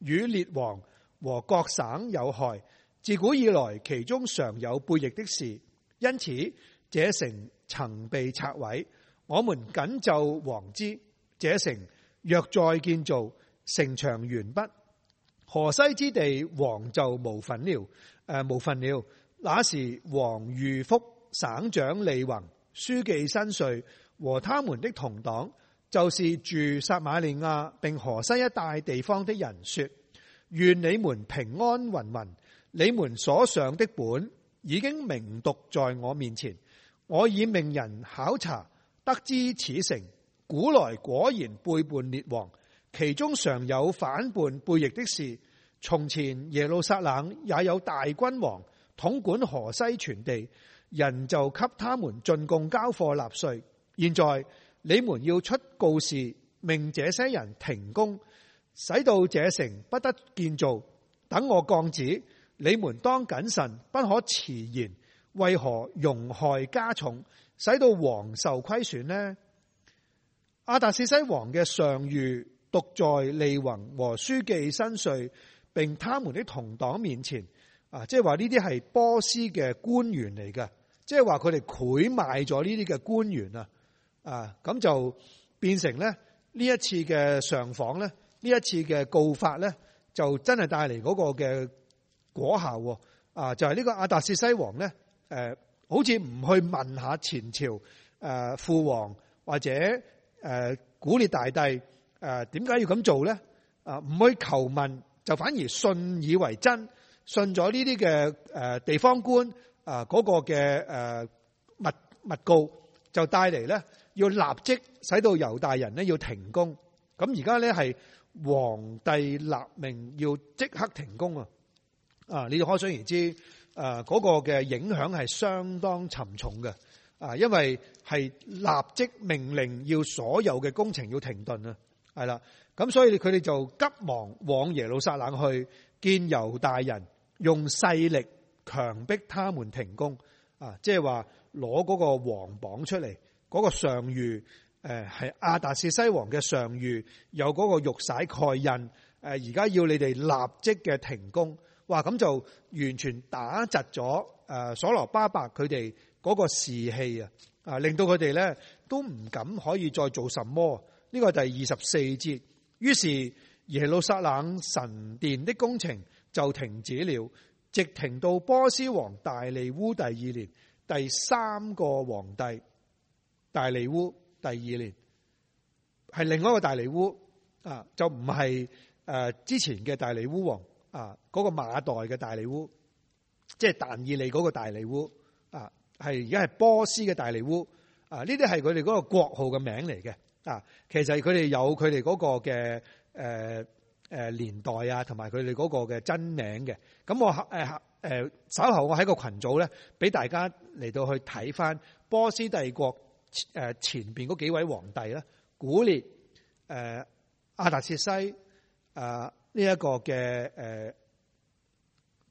與列王和各省有害。自古以來，其中常有背逆的事，因此這城曾被拆毀。我們謹奏王之。這城若再建造城牆完畢，河西之地王就無份了。誒、呃，無份了。那時王諭覆省長利宏書記伸帥和他們的同黨，就是住撒馬利亞並河西一帶地方的人說：願你們平安云云。你們所上的本已經明讀在我面前，我已命人考察，得知此城。古來果然背叛列王，其中常有反叛背逆的事。從前耶路撒冷也有大君王統管河西全地，人就給他們進貢交貨納稅。現在你們要出告示，命這些人停工，使到這城不得建造。等我降旨，你們當謹慎，不可遲延。為何容害加重，使到王受虧損呢？阿達薛西王嘅上諭讀在利宏和書記伸帥，並他們的同黨面前，啊，即係話呢啲係波斯嘅官員嚟嘅，即係話佢哋賄買咗呢啲嘅官員啊，啊，咁就變成咧呢這一次嘅上訪咧，呢一次嘅告發咧，就真係帶嚟嗰個嘅果效啊，就係、是、呢個阿達薛西王咧，誒、啊，好似唔去問一下前朝誒、啊、父王或者。誒，古列大帝誒，點解要咁做咧？啊，唔去求問，就反而信以為真，信咗呢啲嘅，誒地方官誒嗰個嘅誒密密告，就帶嚟咧要立即使到猶大人咧要停工。咁而家咧係皇帝立命要即刻停工啊！啊，你可想而知，誒嗰個嘅影響係相當沉重嘅。啊！因為係立即命令要所有嘅工程要停頓啊，係啦，咁所以佢哋就急忙往耶路撒冷去，見猶大人用勢力強迫他們停工。啊，即係話攞嗰個王榜出嚟，嗰、那個上諭，誒係達達士西王嘅上諭，有嗰個玉璽蓋印，誒而家要你哋立即嘅停工。哇！咁就完全打窒咗，誒所羅巴伯佢哋。嗰個士氣啊，啊令到佢哋咧都唔敢可以再做什麼。呢、呢個係第二十四節。於是耶路撒冷神殿的工程就停止了，直停到波斯王大利烏第二年，第三個皇帝大利烏第二年，係另外一個大利烏啊，就唔係誒之前嘅大利烏王啊，嗰、嗰個馬代嘅大利烏，即係但以理嗰個大利烏。係而家係波斯嘅大利烏，啊呢啲係佢哋嗰個國號嘅名嚟嘅，啊其實佢哋有佢哋嗰個嘅誒誒年代啊，同埋佢哋嗰個嘅真名嘅。咁我誒誒、呃呃、稍後我喺個群組咧，俾大家嚟到去睇翻波斯帝國誒前邊嗰、呃、幾位皇帝啦，古列誒、呃、阿達切西誒呢一個嘅誒、呃、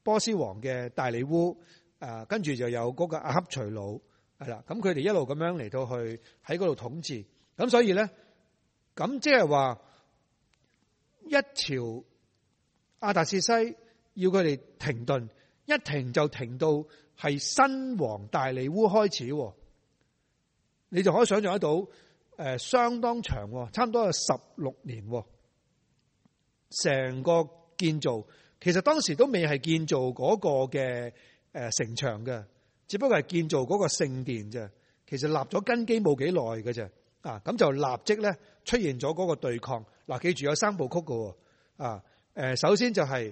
波斯王嘅大利烏。誒、啊，跟住就有嗰個亞哈隨魯，係啦，咁佢哋一路咁樣嚟到去喺嗰度統治，咁所以咧，咁即係話一朝亞達薛西要佢哋停頓，一停就停到係新王大利烏開始，你就可以想象得到，誒、呃，相當長，哦、差唔多係十六年，成、哦、個建造其實當時都未係建造嗰個嘅。誒、呃，城牆嘅，只不過係建造嗰個聖殿啫。其實立咗根基冇幾耐嘅啫。啊，咁就立即咧出現咗嗰個對抗。嗱、啊，記住有三部曲噶。啊，誒、啊，首先就係、是、誒，誒、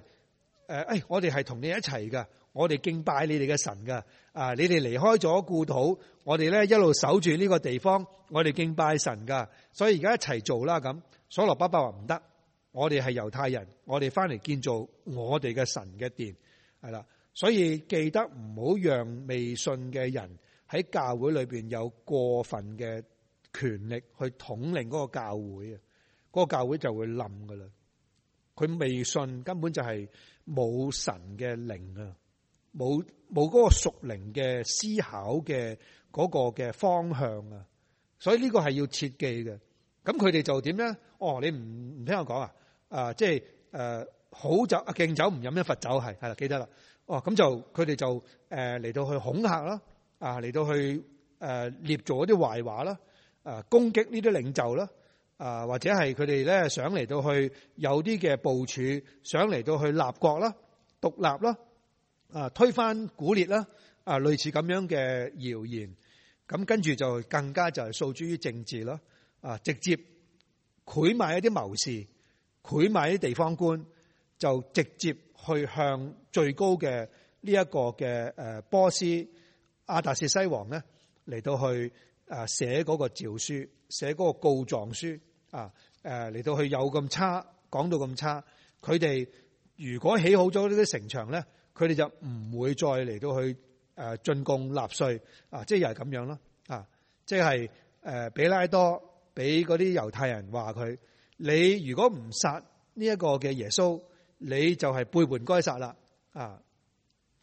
啊哎，我哋係同你一齊噶，我哋敬拜你哋嘅神噶。啊，你哋離開咗故土，我哋咧一路守住呢個地方，我哋敬拜神噶。所以而家一齊做啦。咁所羅巴伯話唔得，我哋係猶太人，我哋翻嚟建造我哋嘅神嘅殿，係啦。所以記得唔好讓未信嘅人喺教會裏面有過分嘅權力去統領嗰個教會啊，嗰、嗰個教會就會冧噶啦。佢未信根本就係冇神嘅靈啊，冇冇嗰個屬靈嘅思考嘅嗰個嘅方向啊。所以個呢個係要切記嘅。咁佢哋就點咧？哦，你唔唔聽我講啊？啊，即、就、係、是啊、好酒啊，敬酒唔飲一罰酒，係啦，記得啦。哦，咁就佢哋就誒嚟到去恐嚇啦，啊嚟到去誒捏造一啲壞話啦，啊攻擊呢啲領袖啦，啊或者係佢哋咧想嚟到去有啲嘅部署，想嚟到去立國啦、獨立啦，啊推翻古列啦，啊類似咁樣嘅謠言，咁跟住就更加就係訴諸於政治啦，啊直接賄買一啲謀士，賄買啲地方官，就直接。去向最高嘅呢一個嘅，誒波斯阿達薛西王咧嚟到去誒寫嗰個詔書，寫嗰個告狀書啊誒嚟到去有咁差，講到咁差，佢哋如果起好咗呢啲城牆咧，佢哋就唔會再嚟到去誒進貢納稅啊，即係又係咁樣咯啊，即係誒比拉多俾嗰啲猶太人話佢，你如果唔殺呢一個嘅耶穌。你就係背叛該殺啦，啊！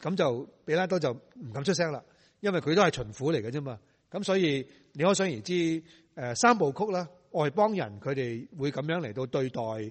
咁就比拉多就唔敢出聲啦，因為佢都係巡撫嚟嘅啫嘛。咁所以你可想而知，誒三部曲啦，外邦人佢哋會咁樣嚟到對待誒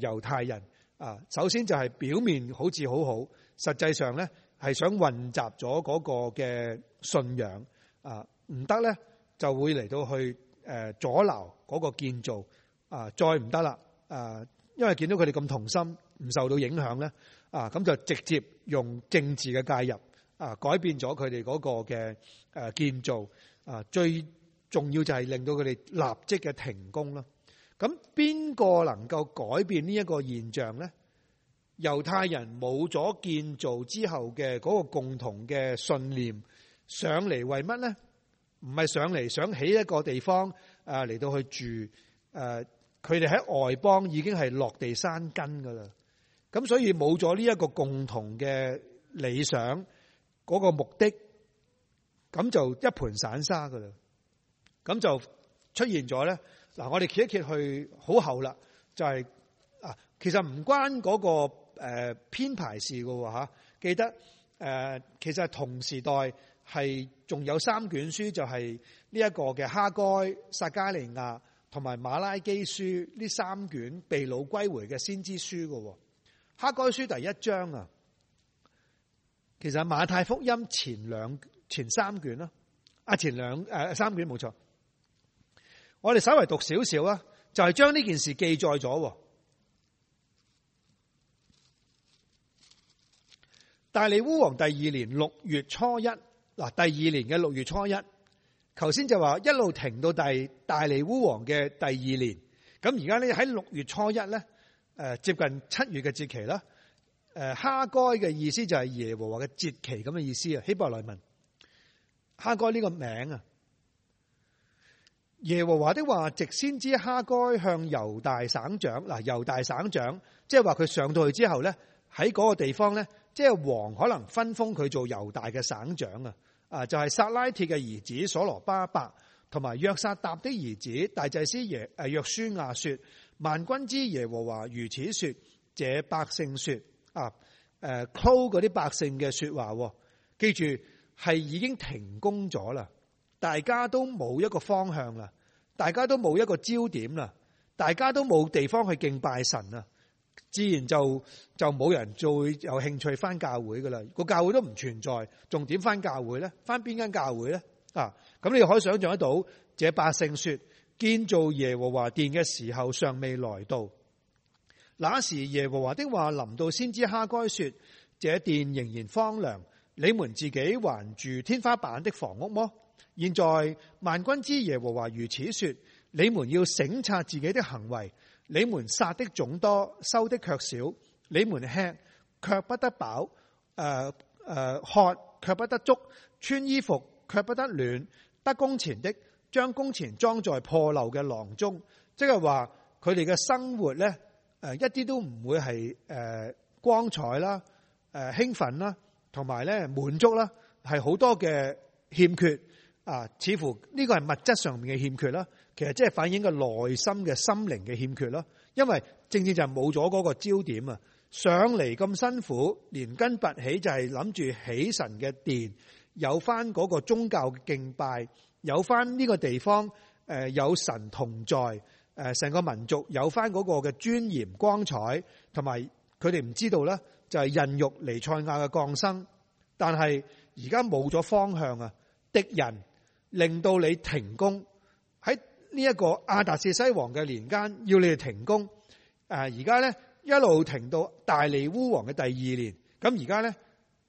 猶太人啊。首先就係表面好似好好，實際上咧係想混雜咗嗰個嘅信仰啊，唔得咧就會嚟到去誒阻撓嗰個建造啊，再唔得啦啊，因為見到佢哋咁同心。唔受到影響咧，啊咁就直接用政治嘅介入，啊改變咗佢哋嗰個嘅誒建造，啊最重要就係令到佢哋立即嘅停工咯。咁邊個能夠改變呢一個現象咧？猶太人冇咗建造之後嘅嗰個共同嘅信念上嚟為乜咧？唔係上嚟想起一個地方，誒嚟到去住，誒佢哋喺外邦已經係落地生根㗎喇。咁所以冇咗呢一個共同嘅理想，嗰、那個目的，咁就一盤散沙噶啦。咁就出現咗咧。嗱，我哋揭一揭去，好厚啦。就係、是、啊，其實唔關嗰個誒編排事噶吓。記得誒，其實係同時代係仲有三卷書就，就係呢一個嘅哈該、撒迦利亞同埋馬拉基書呢三卷被擄歸回嘅先知書噶。《哈該書》第一章啊，其實係馬太福音前兩前三卷啊，前兩誒三卷冇錯。我哋稍微讀少少啊，就係將呢件事記載咗。大利烏王第二年六月初一嗱，第二年嘅六月初一，頭先就話一路停到第大利烏王嘅第二年，咁而家呢喺六月初一咧。誒，接近七月嘅節期啦。誒，哈該嘅意思就係耶和華嘅節期咁嘅意思啊。希伯來文哈該呢個名啊，耶和華的話直先知哈該向猶大省長嗱，猶大省長即係話佢上到去之後咧，喺嗰個地方咧，即係王可能分封佢做猶大嘅省長啊。啊，就係、是、撒拉鐵嘅兒子所羅巴伯，同埋約撒達的兒子大祭司耶誒約書亞說。萬軍之耶和華如此說：，這百姓說啊，誒、呃，溝嗰啲百姓嘅說話，啊，記住係已經停工咗啦，大家都冇一個方向啦，大家都冇一個焦點啦，大家都冇地方去敬拜神啦，自然就就冇人再有興趣翻教會噶啦，個教會都唔存在，仲點翻教會咧？翻邊間教會咧？啊，咁你可以想象得到，這百姓說。建造耶和華殿嘅時候尚未來到，那時耶和華的話臨到先知哈該說：，這殿仍然荒涼，你們自己還住天花板的房屋麼？現在萬軍之耶和華如此說：，你們要省察自己的行為，你們殺的種多，收的却少，你們吃卻不得飽，誒、呃、誒、呃，喝卻不得足，穿衣服卻不得暖，得工錢的。將工錢裝在破漏嘅囊中，即係話佢哋嘅生活咧，誒一啲都唔會係誒光彩啦、誒、啊、興奮啦，同埋咧滿足啦，係好多嘅欠缺啊！似乎呢個係物質上面嘅欠缺啦，其實即係反映個內心嘅心靈嘅欠缺啦。因為正正就係冇咗嗰個焦點啊，上嚟咁辛苦，連根拔起就係諗住起神嘅殿，有翻嗰個宗教嘅敬拜。有翻呢個地方，誒有神同在，誒成個民族有翻嗰個嘅尊嚴光彩，同埋佢哋唔知道咧，就係孕育尼賽亞嘅降生，但係而家冇咗方向啊！敵人令到你停工，喺呢一個亞達薛西王嘅年間要你哋停工，誒而家咧一路停到大利烏王嘅第二年，咁而家咧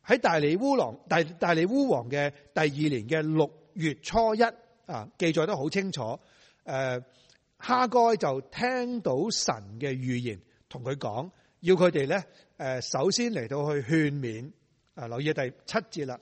喺大利烏王大大利烏王嘅第二年嘅六。月初一啊，記載得好清楚。誒、啊，哈該就聽到神嘅預言，同佢講，要佢哋呢誒、啊，首先嚟到去勸勉。啊，留意第七節啦。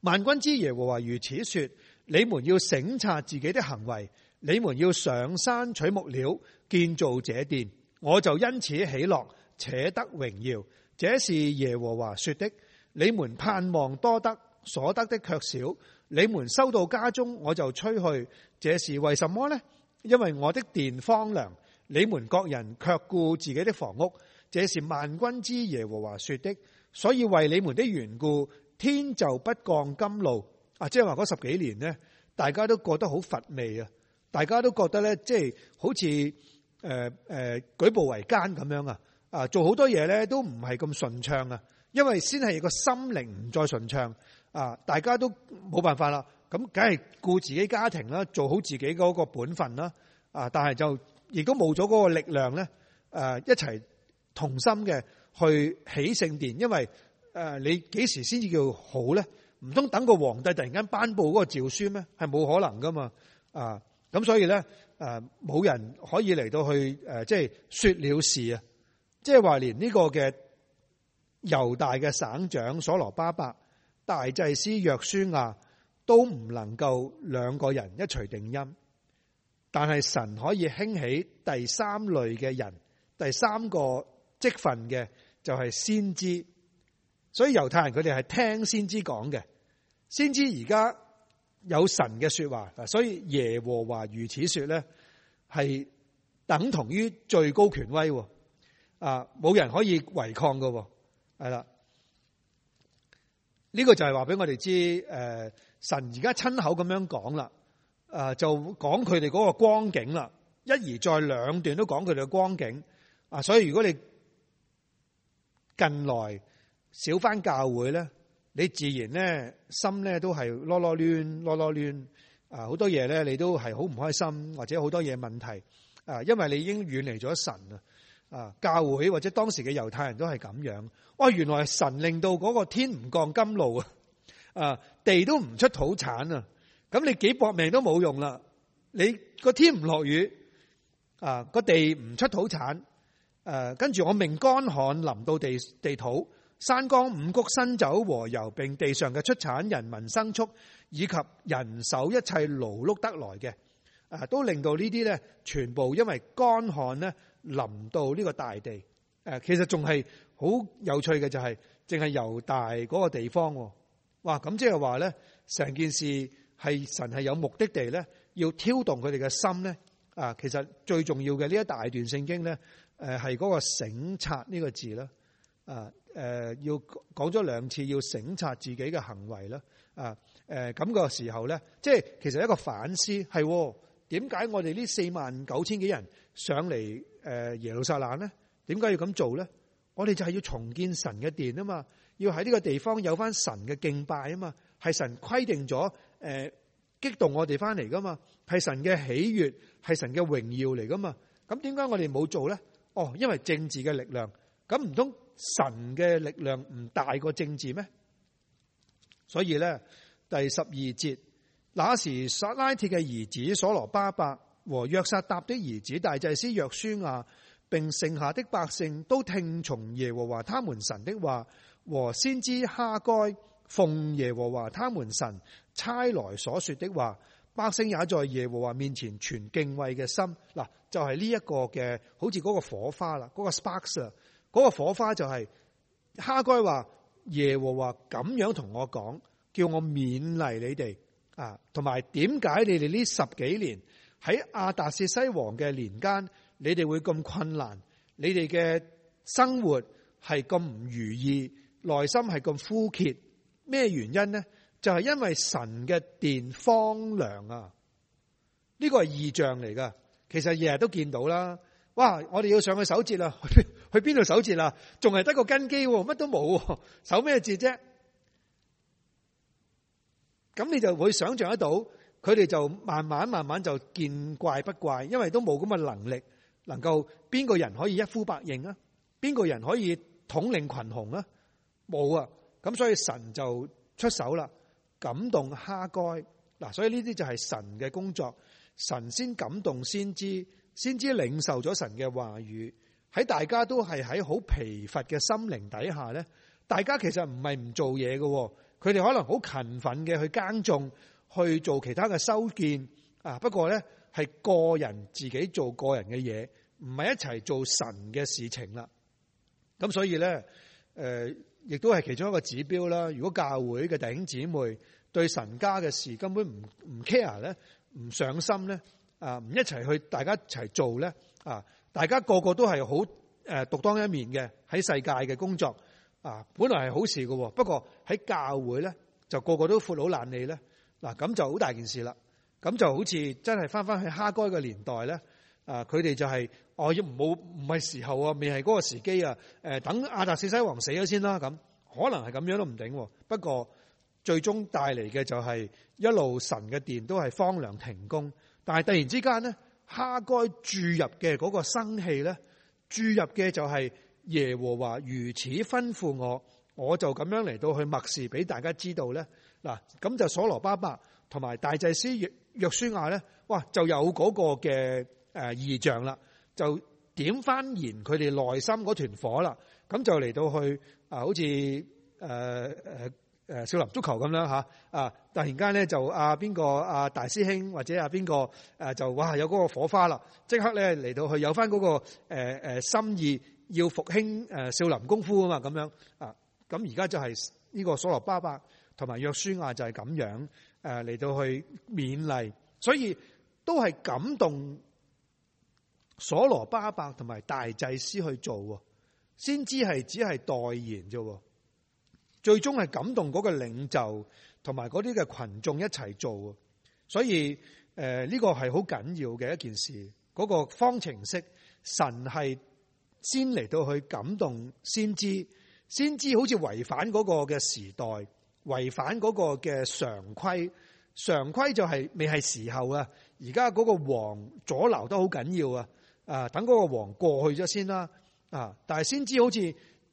萬軍之耶和華如此說：你們要省察自己的行為，你們要上山取木料建造這殿，我就因此喜樂，且得榮耀。這是耶和華說的。你們盼望多得，所得的卻少。你們收到家中，我就吹去。這是為什麼呢？因為我的殿荒涼，你們各人卻顧自己的房屋。這是萬軍之耶和華說的。所以為你們的緣故，天就不降甘露。啊，即係話嗰十幾年呢，大家都覺得好乏味啊，大家都覺得呢，即係好似誒誒，舉步維艱咁樣啊，啊，做好多嘢呢，都唔係咁順暢啊，因為先係個心靈唔再順暢。啊！大家都冇辦法啦，咁梗係顧自己家庭啦，做好自己嗰個本分啦。啊！但係就亦都冇咗嗰個力量咧，誒一齊同心嘅去起聖殿，因為誒你幾時先至叫好咧？唔通等個皇帝突然間頒布嗰個詔書咩？係冇可能噶嘛！啊咁，所以咧誒冇人可以嚟到去誒即係說了事啊！即係話連呢個嘅猶大嘅省長所羅巴伯。大祭司約書亞都唔能夠兩個人一錘定音，但係神可以興起第三類嘅人，第三個職份嘅就係先知，所以猶太人佢哋係聽先知講嘅，先知而家有神嘅說話嗱，所以耶和華如此說咧，係等同於最高權威，啊，冇人可以違抗噶，係啦。呢個就係話俾我哋知，誒、呃，神而家親口咁樣講啦，誒、呃，就講佢哋嗰個光景啦，一而再兩段都講佢哋嘅光景，啊、呃，所以如果你近來少返教會咧，你自然咧心咧都係囉囉攣囉囉攣，啊、呃，好多嘢咧你都係好唔開心或者好多嘢問題，啊、呃，因為你已經遠離咗神啦。啊！教會或者當時嘅猶太人都係咁樣。哇、哦！原來神令到嗰個天唔降甘露啊，啊地都唔出土產啊。咁你幾搏命都冇用啦。你個天唔落雨啊，個地唔出土產。誒、啊，跟住、啊啊、我命乾旱臨到地地土，山崗五穀新酒和油，並地上嘅出產，人民牲畜以及人手一切勞碌得來嘅，啊，都令到這些呢啲咧全部因為乾旱咧。臨到呢個大地，誒，其實仲係好有趣嘅，就是，就係淨係猶大嗰個地方，哇！咁即係話咧，成件事係神係有目的地咧，要挑動佢哋嘅心咧，啊！其實最重要嘅呢一大段聖經咧，誒、啊，係嗰個省察呢個字啦，啊，誒、啊，要講咗兩次要省察自己嘅行為啦，啊，誒、啊，咁個時候咧，即係其實一個反思，係喎，點解我哋呢四萬九千幾人上嚟？誒，耶路撒冷咧，點解要咁做咧？我哋就係要重建神嘅殿啊嘛，要喺呢個地方有翻神嘅敬拜啊嘛，係神規定咗誒、呃，激動我哋翻嚟噶嘛，係神嘅喜悅，係神嘅榮耀嚟噶嘛。咁點解我哋冇做咧？哦，因為政治嘅力量。咁唔通神嘅力量唔大過政治咩？所以咧，第十二節，那時撒拉鐵嘅兒子所羅巴伯。和約撒達的兒子大祭司約書亞，並剩下的百姓都聽從耶和華他們神的話，和先知哈該奉耶和華他們神差來所說的話，百姓也在耶和華面前存敬畏嘅心。嗱，就係呢一個嘅，好似嗰個火花啦，嗰、嗰個 spark 啦，嗰個火花就係哈該話耶和華咁樣同我講，叫我勉勵你哋啊，同埋點解你哋呢十幾年？喺亞達薛西王嘅年間，你哋會咁困難，你哋嘅生活係咁唔如意，內心係咁枯竭，咩原因呢？就係因為神嘅殿荒涼啊！呢個係異象嚟噶，其實日日都見到啦。哇！我哋要上去守節啦，去邊度守節啦？仲係得個根基，乜都冇，守咩節啫？咁你就會想象得到。佢哋就慢慢慢慢就見怪不怪，因為都冇咁嘅能力，能夠邊個人可以一呼百應啊？邊個人可以統領群雄啊？冇啊！咁所以神就出手啦，感動哈該，嗱，所以呢啲就係神嘅工作，神先感動先知，先知領受咗神嘅話語喺大家都係喺好疲乏嘅心靈底下咧，大家其實唔係唔做嘢嘅，佢哋可能好勤奮嘅去耕種。去做其他嘅修建啊！不過咧，係個人自己做個人嘅嘢，唔係一齊做神嘅事情啦。咁所以咧，誒、呃，亦都係其中一個指標啦。如果教會嘅弟兄姊妹對神家嘅事根本唔唔 care 咧，唔上心咧，啊，唔一齊去大家一齊做咧，啊，大家個個都係好誒獨當一面嘅喺世界嘅工作啊，本來係好事嘅，不過喺教會咧就個個都闊老爛利咧。嗱，咁就好大件事啦，咁就好似真係翻翻去哈該嘅年代咧，啊，佢哋就係我要好，唔、哦、唔係時候啊，未係嗰個時機啊，呃、等亞達薛西王死咗先啦、啊，咁可能係咁樣都唔定喎。不過最終帶嚟嘅就係一路神嘅殿都係荒涼停工，但係突然之間咧，哈該注入嘅嗰個生氣咧，注入嘅就係耶和華如此吩咐我，我就咁樣嚟到去默示俾大家知道咧。嗱，咁就所羅巴伯同埋大祭司約約書亞咧，哇，就有嗰個嘅誒異象啦，就點翻燃佢哋內心嗰團火啦。咁就嚟到去啊，好似誒誒少林足球咁樣啊，突然間咧就啊邊個啊大師兄或者啊邊個啊就哇有嗰個火花啦，即刻咧嚟到去有翻、那、嗰個誒、呃呃、心意要復興誒、呃、少林功夫啊嘛，咁樣啊咁而家就係呢個所羅巴伯。同埋約書亞就係咁樣，誒嚟到去勉勵，所以都係感動所羅巴伯同埋大祭司去做，先知係只係代言啫，最終係感動嗰個領袖同埋嗰啲嘅群眾一齊做，所以誒呢個係好緊要嘅一件事，嗰個方程式神係先嚟到去感動先，先知先知好似違反嗰個嘅時代，違反嗰個嘅常規，常規就係未係時候啊！而家嗰個黃阻撓得好緊要啊！啊，等嗰個黃過去咗先啦啊！但係先知好似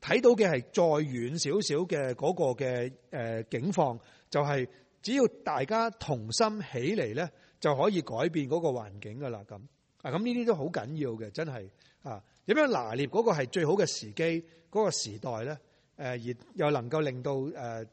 睇到嘅係再遠少少嘅嗰個嘅誒景況，就係、是、只要大家同心起嚟咧，就可以改變嗰個環境噶啦咁啊！咁呢啲都好緊要嘅，真係啊！點樣拿捏嗰個係最好嘅時機嗰、那個時代咧？誒、啊，而又能夠令到誒，啊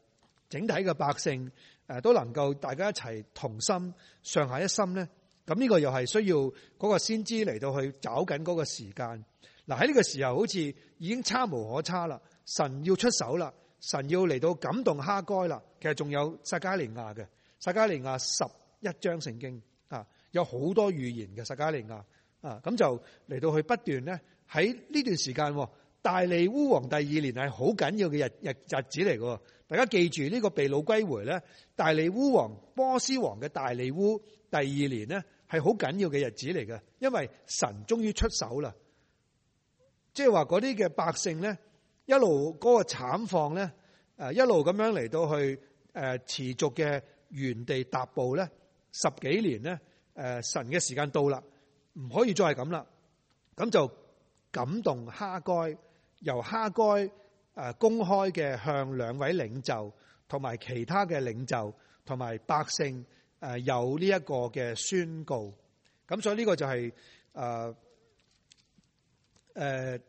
整體嘅百姓，呃、都能夠大家一齊同心上下一心咧，咁、這、呢個又係需要嗰個先知嚟到去找緊嗰個時間。嗱喺呢個時候好似已經差無可差啦，神要出手啦，神要嚟到感動哈該啦。其實仲有撒迦利亞嘅撒迦利亞十一章聖經啊，有好多預言嘅撒迦利亞啊，咁、啊、就嚟到去不斷咧喺呢段時間、啊。大利烏王第二年係好緊要嘅日日日子嚟嘅。大家記住呢個被擄歸回咧，大利烏王波斯王嘅大利烏第二年咧係好緊要嘅日子嚟嘅，因為神終於出手啦，即係話嗰啲嘅百姓咧一路嗰、嗰個慘況咧誒一路咁樣嚟到去誒、呃、持續嘅原地踏步咧十幾年咧誒、呃、神嘅時間到啦，唔可以再係咁啦，咁就感動哈該。由哈該誒公開嘅向兩位領袖同埋其他嘅領袖同埋百姓誒有呢一個嘅宣告，咁所以呢個就係誒誒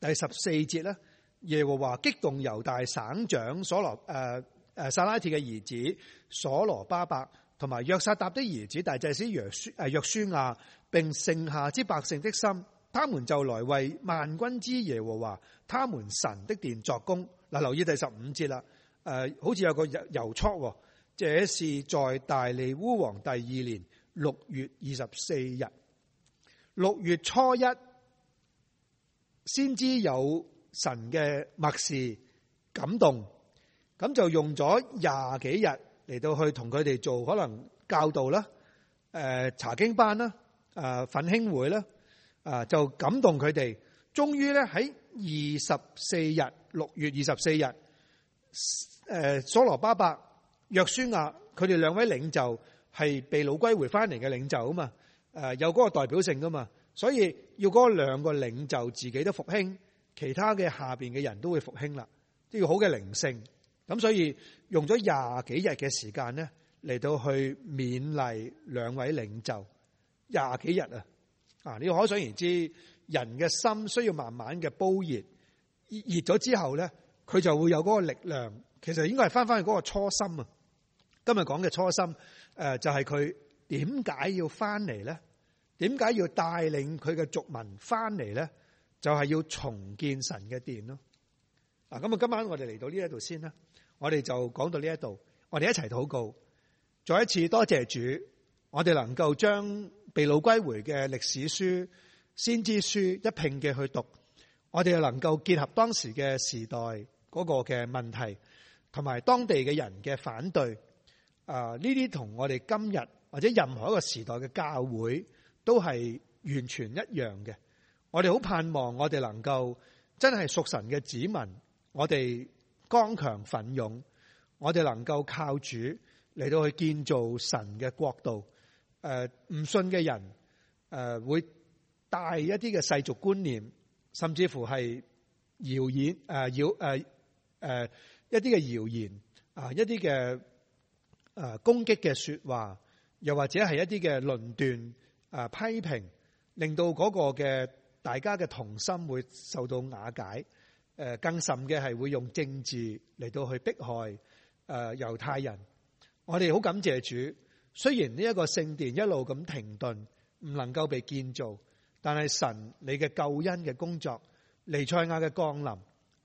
第十四節啦。耶和華激動猶大省長所羅誒誒撒拉鐵嘅兒子所羅巴伯，同埋約撒達的兒子大祭司約誒約書亞，並剩下之百姓的心。他們就來為萬軍之耶和華他們神的殿作工。嗱，留意第十五節啦。誒，好似有個日郵戳，這是在大利烏王第二年六月二十四日。六月初一，先知有神嘅默示感動，咁就用咗廿幾日嚟到去同佢哋做可能教導啦，誒查經班啦，誒奮興會啦。啊！就感動佢哋，終於咧喺二十四日，六月二十四日，誒，所羅巴伯、約書亞，佢哋兩位領袖係被擄歸回翻嚟嘅領袖啊嘛，誒，有嗰個代表性噶嘛，所以要嗰兩個領袖自己都復興，其他嘅下邊嘅人都會復興啦，都要好嘅靈性，咁所以用咗廿幾日嘅時間咧，嚟到去勉勵兩位領袖廿幾日啊！啊！你可想而知，人嘅心需要慢慢嘅煲熱，熱咗之後咧，佢就會有嗰個力量。其實應該係翻翻去嗰個初心啊！今日講嘅初心，誒、呃，就係佢點解要翻嚟咧？點解要帶領佢嘅族民翻嚟咧？就係、是、要重建神嘅殿咯、啊。嗱，咁啊，今晚我哋嚟到呢一度先啦，我哋就講到呢一度，我哋一齊禱告，再一次多謝主，我哋能夠將。被擄歸回嘅歷史書、先知書一併嘅去讀，我哋又能夠結合當時嘅時代嗰個嘅問題，同埋當地嘅人嘅反對，啊呢啲同我哋今日或者任何一個時代嘅教會都係完全一樣嘅。我哋好盼望我哋能夠真係屬神嘅子民，我哋剛強奮勇，我哋能夠靠主嚟到去建造神嘅國度。誒，唔信嘅人，誒，會帶一啲嘅世俗觀念，甚至乎係謠言誒，妖，誒誒一啲嘅謠言啊，一啲嘅誒攻擊嘅說話，又或者係一啲嘅論斷啊批評，令到嗰個嘅大家嘅同心會受到瓦解。誒，更甚嘅係會用政治嚟到去迫害誒猶太人。我哋好感謝主。雖然呢一個聖殿一路咁停頓，唔能夠被建造，但係神你嘅救恩嘅工作，彌賽亞嘅降臨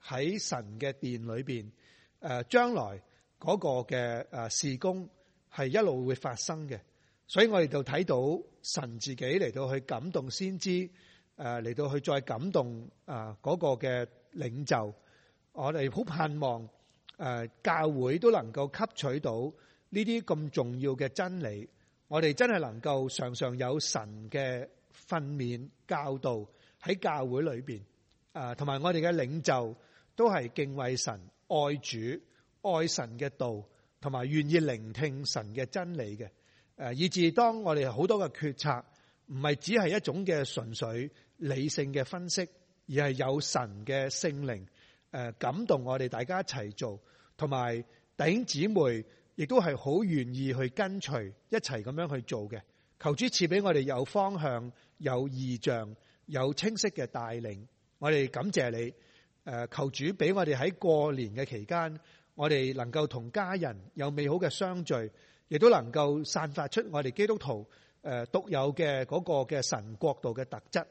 喺神嘅殿裏邊，誒將來嗰個嘅誒事工係一路會發生嘅，所以我哋就睇到神自己嚟到去感動先知，誒嚟到去再感動啊嗰個嘅領袖，我哋好盼望誒教會都能夠吸取到，呢啲咁重要嘅真理，我哋真係能夠常常有神嘅訓勉教導喺教會裏邊，誒同埋我哋嘅領袖都係敬畏神、愛主、愛神嘅道，同埋願意聆聽神嘅真理嘅，誒，以至當我哋好多嘅決策唔係只係一種嘅純粹理性嘅分析，而係有神嘅聖靈誒感動我哋大家一齊做，同埋弟兄姊妹。亦都係好願意去跟隨一齊咁樣去做嘅，求主賜俾我哋有方向、有異象、有清晰嘅帶領。我哋感謝你，誒，求主俾我哋喺過年嘅期間，我哋能夠同家人有美好嘅相聚，亦都能夠散發出我哋基督徒誒獨有嘅嗰個嘅神國度嘅特質，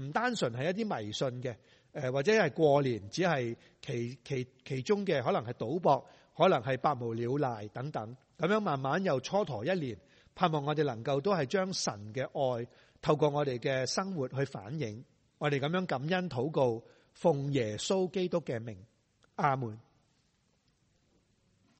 唔單純係一啲迷信嘅，誒或者係過年只係其其其中嘅可能係賭博。可能係百無聊賴等等，咁樣慢慢又蹉跎一年，盼望我哋能夠都係將神嘅愛透過我哋嘅生活去反映，我哋咁樣感恩禱告，奉耶穌基督嘅名，阿門。